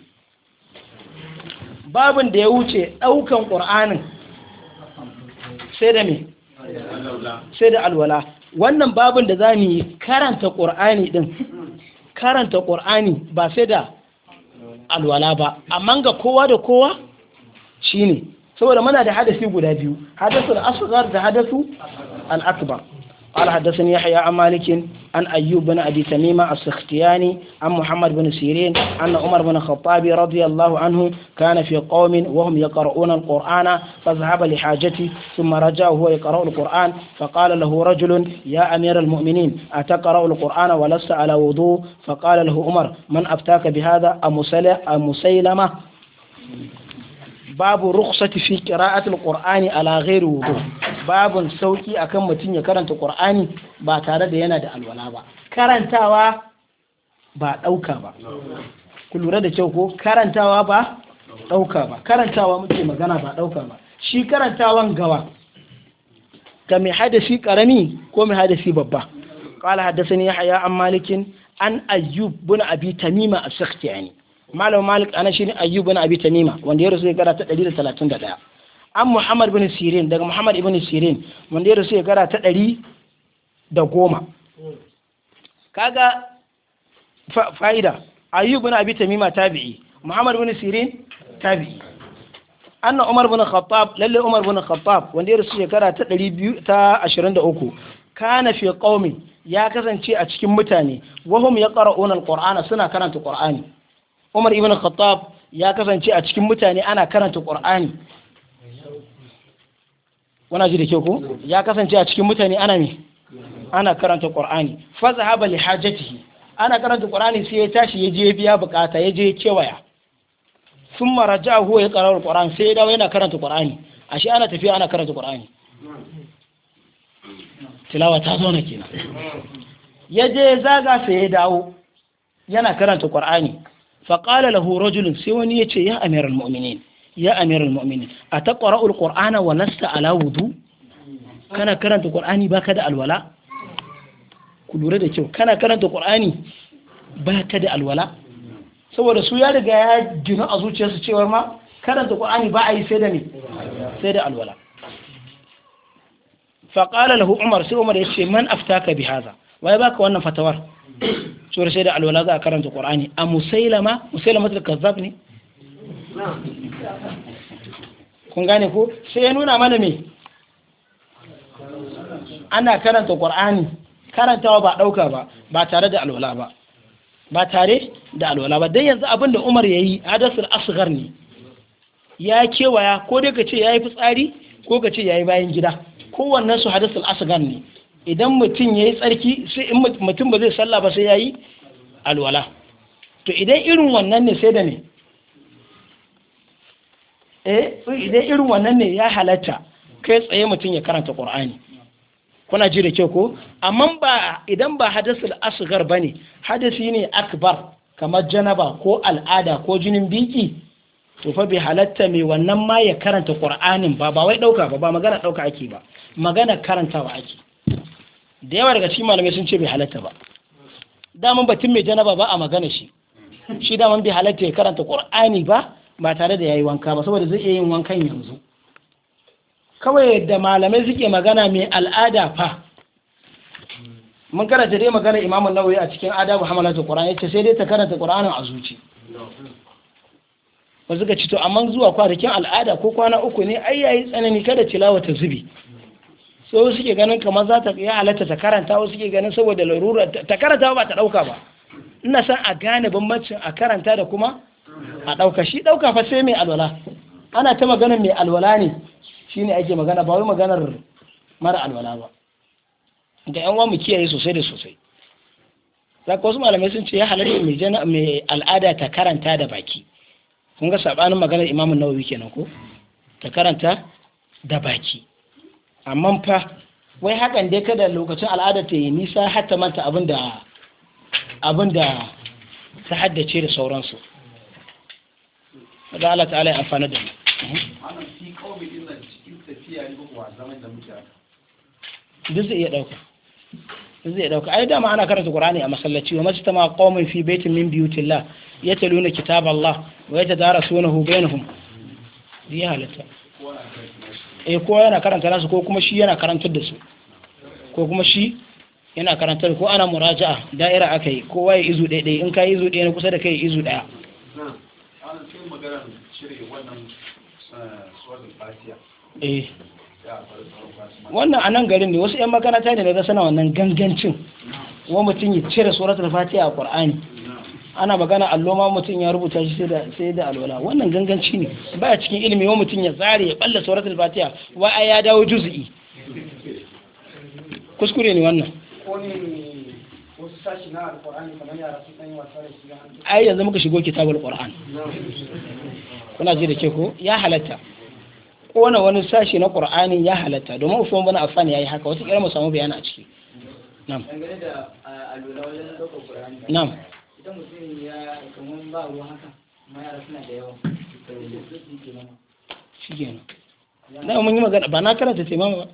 babin da ya wuce ɗaukan ƙwar'anin sai da me sai da alwala wannan babin da za mu yi karanta ƙwar'ani ɗin karanta ƙwar'ani ba sai da alwala ba amma ga kowa da kowa shi ne. saboda muna da hadasi guda biyu Hadasu da asghar da hadasu al-akbar قال حدثني يحيى عن مالك عن أيوب بن أبي تميمة السختياني عن محمد بن سيرين أن عمر بن الخطاب رضي الله عنه كان في قوم وهم يقرؤون القرآن فذهب لحاجته ثم رجع وهو يقرأ القرآن فقال له رجل يا أمير المؤمنين أتقرأ القرآن ولست على وضوء فقال له عمر من أفتاك بهذا أمسيلمة babu rukhsati fi qira'atil qur'ani ala ghairi wudu babu sauki akan mutum ya karanta qur'ani ba tare da yana da alwala ba karantawa ba dauka ba ku lura da kyau ko karantawa ba dauka ba karantawa muke magana ba dauka ba shi karantawan gawa ga mai hadasi karami ko mai hadasi babba qala haddathani yahya an malikin an ayyub bin abi tamima as-sakhtiyani malam malik ana shi ne ayyub bin abi tamima wanda ya rasu shekara ta 131 an muhammad bin sirin daga muhammad ibn sirin wanda ya rasu shekara ta 110 kaga fa'ida ayyub bin abi tamima tabi'i muhammad bin sirin tabi'i anna umar bin khattab lalle umar bin khattab wanda ya rasu shekara ta 200 ta 23 kana fi qaumi ya kasance a cikin mutane wahum yaqra'una alqur'ana suna karanta qur'ani umar ibn khattab ya kasance a cikin mutane ana karanta qur'ani wana ji da ke ko ya kasance a cikin mutane ana me ana karanta qur'ani fa zahaba li hajatihi ana karanta qur'ani sai ya tashi ya je biya bukata ya je kewaya Sun raja'a huwa ya karanta Qur'an sai ya dawo yana karanta qur'ani ashe ana tafiya ana karanta qur'ani tilawa ta zo na kenan ya je zaga sai ya dawo yana karanta qur'ani faƙala lahu rajulun sai wani ya ya amiral mu'minin a ta ƙwara'ul ƙur'ana wa lasta ala wudu kana karanta ƙur'ani baka da alwala ku kyau kana karanta ƙur'ani baka da alwala saboda su ya riga ya gina a zuciyarsu cewar ma karanta ƙur'ani ba a yi sai da ne sai da alwala umar sai umar yace man afta ka bi haza wai baka wannan fatawar cewar sai da alwala za a karanta ƙorani a musailama musailama da kazzab ne kun gane ko sai ya nuna mana me ana karanta qur'ani karantawa ba ɗauka ba ba tare da alwala ba ba tare da alwala ba don yanzu abin da Umar ya yi hadasul asghar ne ya kewaya ko dai ka ce ya yayi fitsari ko ka ce ya yi bayan gida kowannen su hadasul asghar ne idan mutum ya yi tsarki sai in mutum ba zai sallah ba sai ya yi alwala to idan irin wannan ne sai da ne eh idan irin wannan ne ya halatta kai tsaye mutum ya karanta ƙur'ani kuna ji da kyau ko amma ba idan ba hadasul asghar bane hadasi ne akbar kamar janaba ko al'ada ko jinin biki to fa bai halatta mai wannan ma ya karanta qur'anin ba ba wai dauka ba ba magana dauka ake ba magana karantawa ake da yawa daga cikin malamai sun ce bai halatta ba daman batun mai janaba ba a magana shi shi daman bai halatta ya karanta qur'ani ba ba tare da yayi wanka ba saboda zai iya yin wankan yanzu kawai yadda malamai suke magana mai al'ada fa mun karanta dai magana imamu nawawi a cikin adabu hamalatul qur'an yace sai dai ta karanta qur'anin a zuci ba suka ci to amma zuwa kwanakin al'ada ko kwana uku ne ai yayi tsanani kada tilawa ta zubi sai wasu suke ganin kamar za ta ya alata ta karanta wasu suke ganin saboda larura ta karanta ba ta ɗauka ba ina san a gane bambancin a karanta da kuma a ɗauka shi ɗauka fa sai mai alwala ana ta maganar mai alwala ne shine ake magana ba wai maganar mara alwala ba Da yan uwa mu kiyaye sosai da sosai zaka wasu malamai sun ce ya halarci mai jana mai al'ada ta karanta da baki kun ga sabanin maganar imamun nawawi kenan ko ta karanta da baki amma fa wai hakan dai kada lokacin al'ada ta yi nisa hatta manta abin da ta haddace da sauransu da Allah ta'ala ya amfana da mu duk zai iya ɗauka. duk zai dauka ai dama ana karanta qur'ani a masallaci wa masjid ma qaumin fi baitin min buyutillah yataluna kitaballah wa yatadarasunahu bainahum ya halatta eh ko yana karanta nasu ko kuma shi yana karantar da su ko kuma shi yana karantar ko ana muraja'a da'ira akai kowa ya izu ɗaya in ka izu ɗaya na kusa da kai izu ɗaya eh. wannan a nan garin ne wasu 'yan makaranta ne na ga sana wannan gangancin wa mutum ya cire suratul fatiha a qur'ani ana magana allo ma mutum ya rubuta shi sai da alwala wannan ganganci ne baya cikin ilimi wa mutum ya zare ya balla suratul fatiha wa ai ya dawo juz'i kuskure ne wannan ai yanzu muka shigo kitabul qur'an kuna ji da ke ko ya halatta kona wani sashi na qur'ani ya halatta domin usman bin ya yayi haka wata kira mu samu bayani a ciki na'am na'am idan mutum ya kamar ba ruwa haka amma yara suna da yawa shi kenan na mun yi magana ba na karanta taimama ba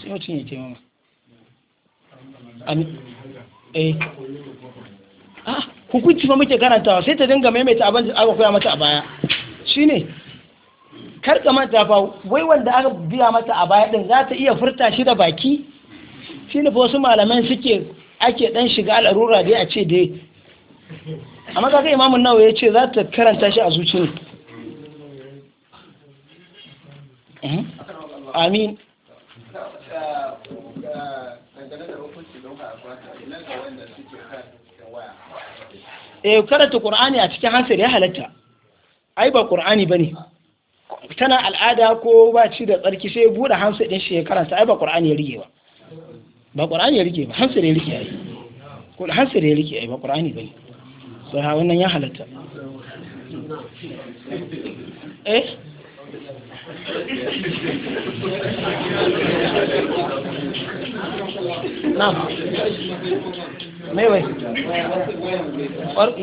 sai mutum ya taimama eh ah hukunci fa muke karantawa sai ta dinga maimaita abin da aka koya mata a baya shine kar ka manta fa wai wanda aka biya mata a baya din za ta iya furta shi da baki shine fa wasu malaman suke ake dan shiga al'arura dai a ce dai amma kaka imamun nawa ya ce za ta karanta shi a zuci ne eh? amin eh karanta qur'ani a cikin hansar ya halatta ai ba qur'ani bane tana al'ada ko ba ci da tsarki sai bude hansar din shi ya karanta ai ba qur'ani ya rige ba ba qur'ani ya rige ba hansar ya rige ai ko hansar ya rige ai ba qur'ani bane saha wannan ya halatta eh na'am mai wai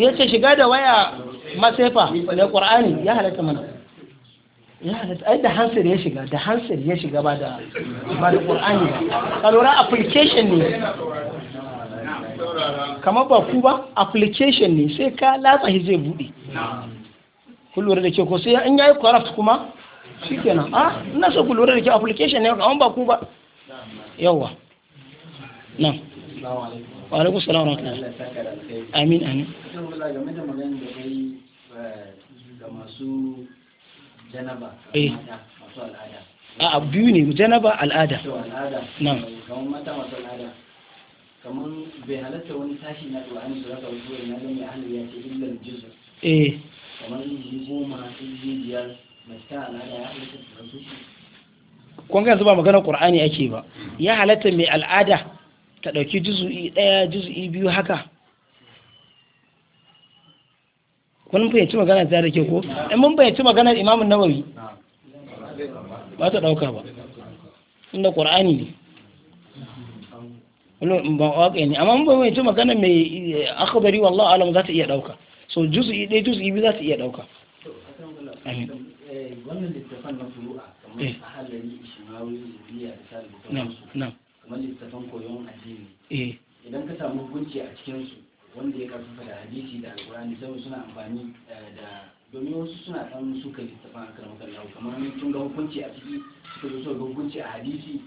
ya ce shiga da waya masefa da ƙwar'ani ya halatta mana ya halatta ai da hansir ya shiga da hansir ya shiga ba da ba da ƙwar'ani ba kalora application ne kamar ba ku ba application ne sai ka latsa shi zai bude ku da ke ko sai an yayi corrupt kuma shikenan a ah, ina so ku da ke application ne kamar ba ku ba yawa na wa alaikum salam wa rahmatullah amin amin eh, ga masu janaba eh. a biyu ne janaba al'ada kamar mata masu al'ada kamar bai halatta wani tashi na ƙur'ani da raka wasu na gani a ya ce illar jizu eh kamar yi goma yi biyar mai ta al'ada ya halatta da rasu kun ga yanzu ba maganar ƙur'ani ake ba ya halatta mai al'ada ta ɗauki juzu'i ɗaya juzu'i biyu haka kun fahimci magana ta da ke ko in mun fahimci maganar imamun nawawi ba ta ɗauka ba inda ƙur'ani ne ban waƙe ne amma mun mai magana mai eh, akhbari wallahu alam za ta iya dauka so juz'i dai juz'i bi za ta iya dauka amin eh, wannan littafan na furu'a kamar eh. ahalari ishimawi biya da salihu kamar littafan koyon addini idan ka samu hukunci a cikin su wanda ya karfafa da hadisi da alkurani sai suna amfani da domin wasu suna dan suka littafan akan wannan kamar tun ga hukunci a ciki suka zo ga hukunci a hadisi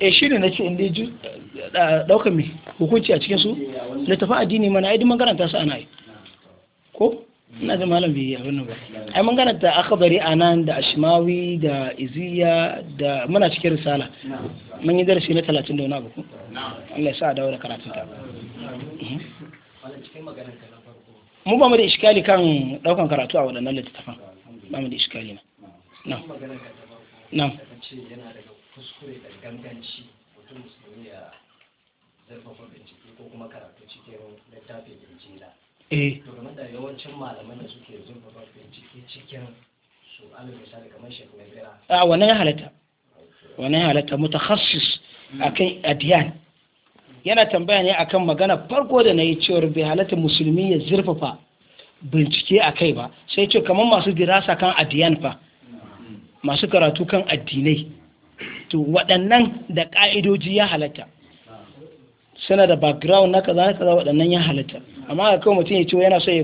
Eh, shi ne na cikin inda ji eh, eh mai hukunci a cikin su tafi addini mana ai duk garanta su ana yi ko ina da malam biyu abin nan ba ai mun gana da a nan da ashimawi da iziya da muna cikin risala mun yi darasi na talatin da wani abu ko Allah ya sa dawo da karatun ta mhm. mu ba mu da iskali kan daukan karatu a waɗannan littattafan ba mu da iskali na nan ce yana daga kuskure da ganganci mutum musulmi ya zarfafa bincike ko kuma karatu cikin littafin injila eh. to game da yawancin malaman da suke zarfafa bincike cikin su alal misali kamar shekul nabira a ah, wannan ya halatta wannan ya halatta mutakhassis hmm. akan adiyan yana tambaya ne akan magana farko da na yi cewar bai halatta musulmi ya zurfafa bincike a kai ba sai ce kamar masu dirasa kan adiyan fa masu karatu kan addinai to waɗannan da ƙa'idoji ya halatta suna da background na kaza kaza waɗannan ya halatta amma ga kawai mutum ya ce yana so ya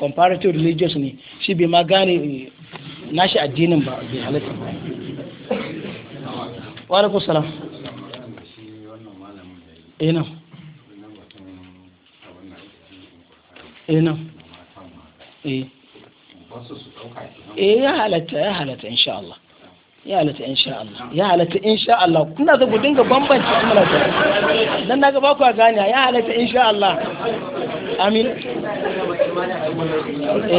comparative religious ne shi bai ma gane eh, nashi addinin ba bai halatta ba wa alaikum salam ina Ina, ina, eh, eh, eh. eh ya halatta ya halatta insha Allah ya halatta insha Allah ya halatta insha Allah kuna da ku dinga bambance amala ta dan naga ba ku gane ya halatta insha Allah amin eh.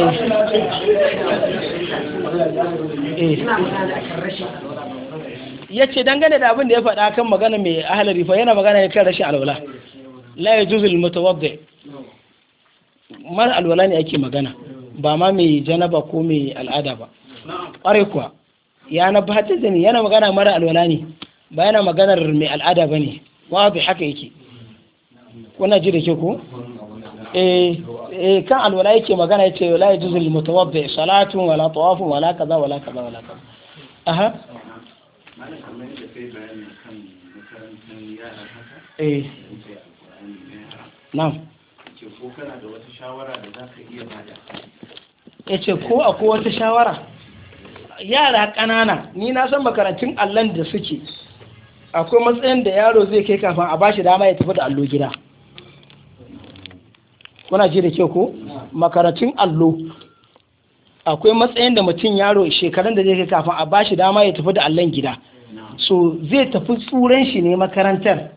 Eh. ya ce dangane da abin da ya faɗa kan magana mai ahalari fa yana magana ne kan rashin alwala la ya juzul mutawaddi mar alwala ne ake magana ba ma mai janaba ko mai al'ada ba ƙwarai kuwa ya na ba ne yana magana mara alwala ne ba yana maganar mai al'ada ba ne wa bai haka yake kuna ji da ke ko eh, eh kan alwala yake magana ya la yajuzu lil mutawaddi salatun wala tawafun wala kaza wala kaza wala kaza aha eh na'am ko kana da wata shawara da za ka iya bada ya ce ko akwai wata shawara yara ƙanana ni na san makarantun allon da suke akwai matsayin da yaro zai kai kafin a bashi dama ya tafi da allo gida kuna ji da ke ko makarantun allo akwai matsayin da mutum yaro shekarun da zai kai kafin a bashi dama ya tafi da allon gida so zai tafi tsuran shi ne makarantar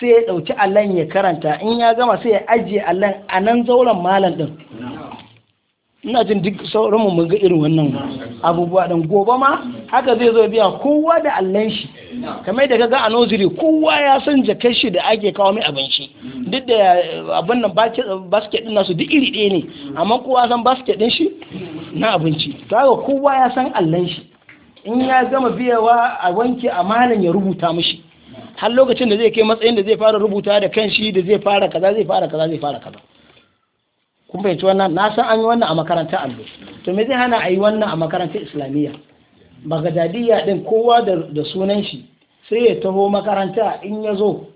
sai ya ɗauki allon ya karanta in ya gama sai ya ajiye allon a nan zauren malam ɗin ina jin duk sauranmu mun ga irin wannan abubuwa ɗin gobe ma haka zai zo biya kowa da allan shi kamar da kaga a kowa ya san jakar shi da ake kawo mai abinci duk da abin nan basket ɗin nasu duk iri ɗaya ne amma kowa san basket din shi na abinci to haka kowa ya san allan shi in ya gama biyawa a wanke amanan ya rubuta mishi har lokacin da zai kai matsayin da zai fara rubuta da kanshi da zai fara kaza zai fara kaza zai fara kaza kun fahimci wannan na san an yi wannan a makarantar allo to me zai hana a yi wannan a makarantar islamiyya ba bagadadiya din kowa da sunan shi sai ya taho makaranta in ya zo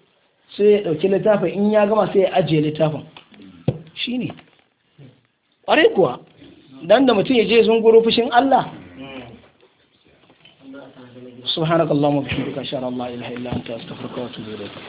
sai ya ɗauki littafin in ya gama sai ya ajiye littafin shi ne ƙwarai kuwa dan da mutum ya je sun guru fushin Allah subhanakallahumma bihamdika ashhadu an la ilaha illa anta astaghfiruka wa atubu ilayk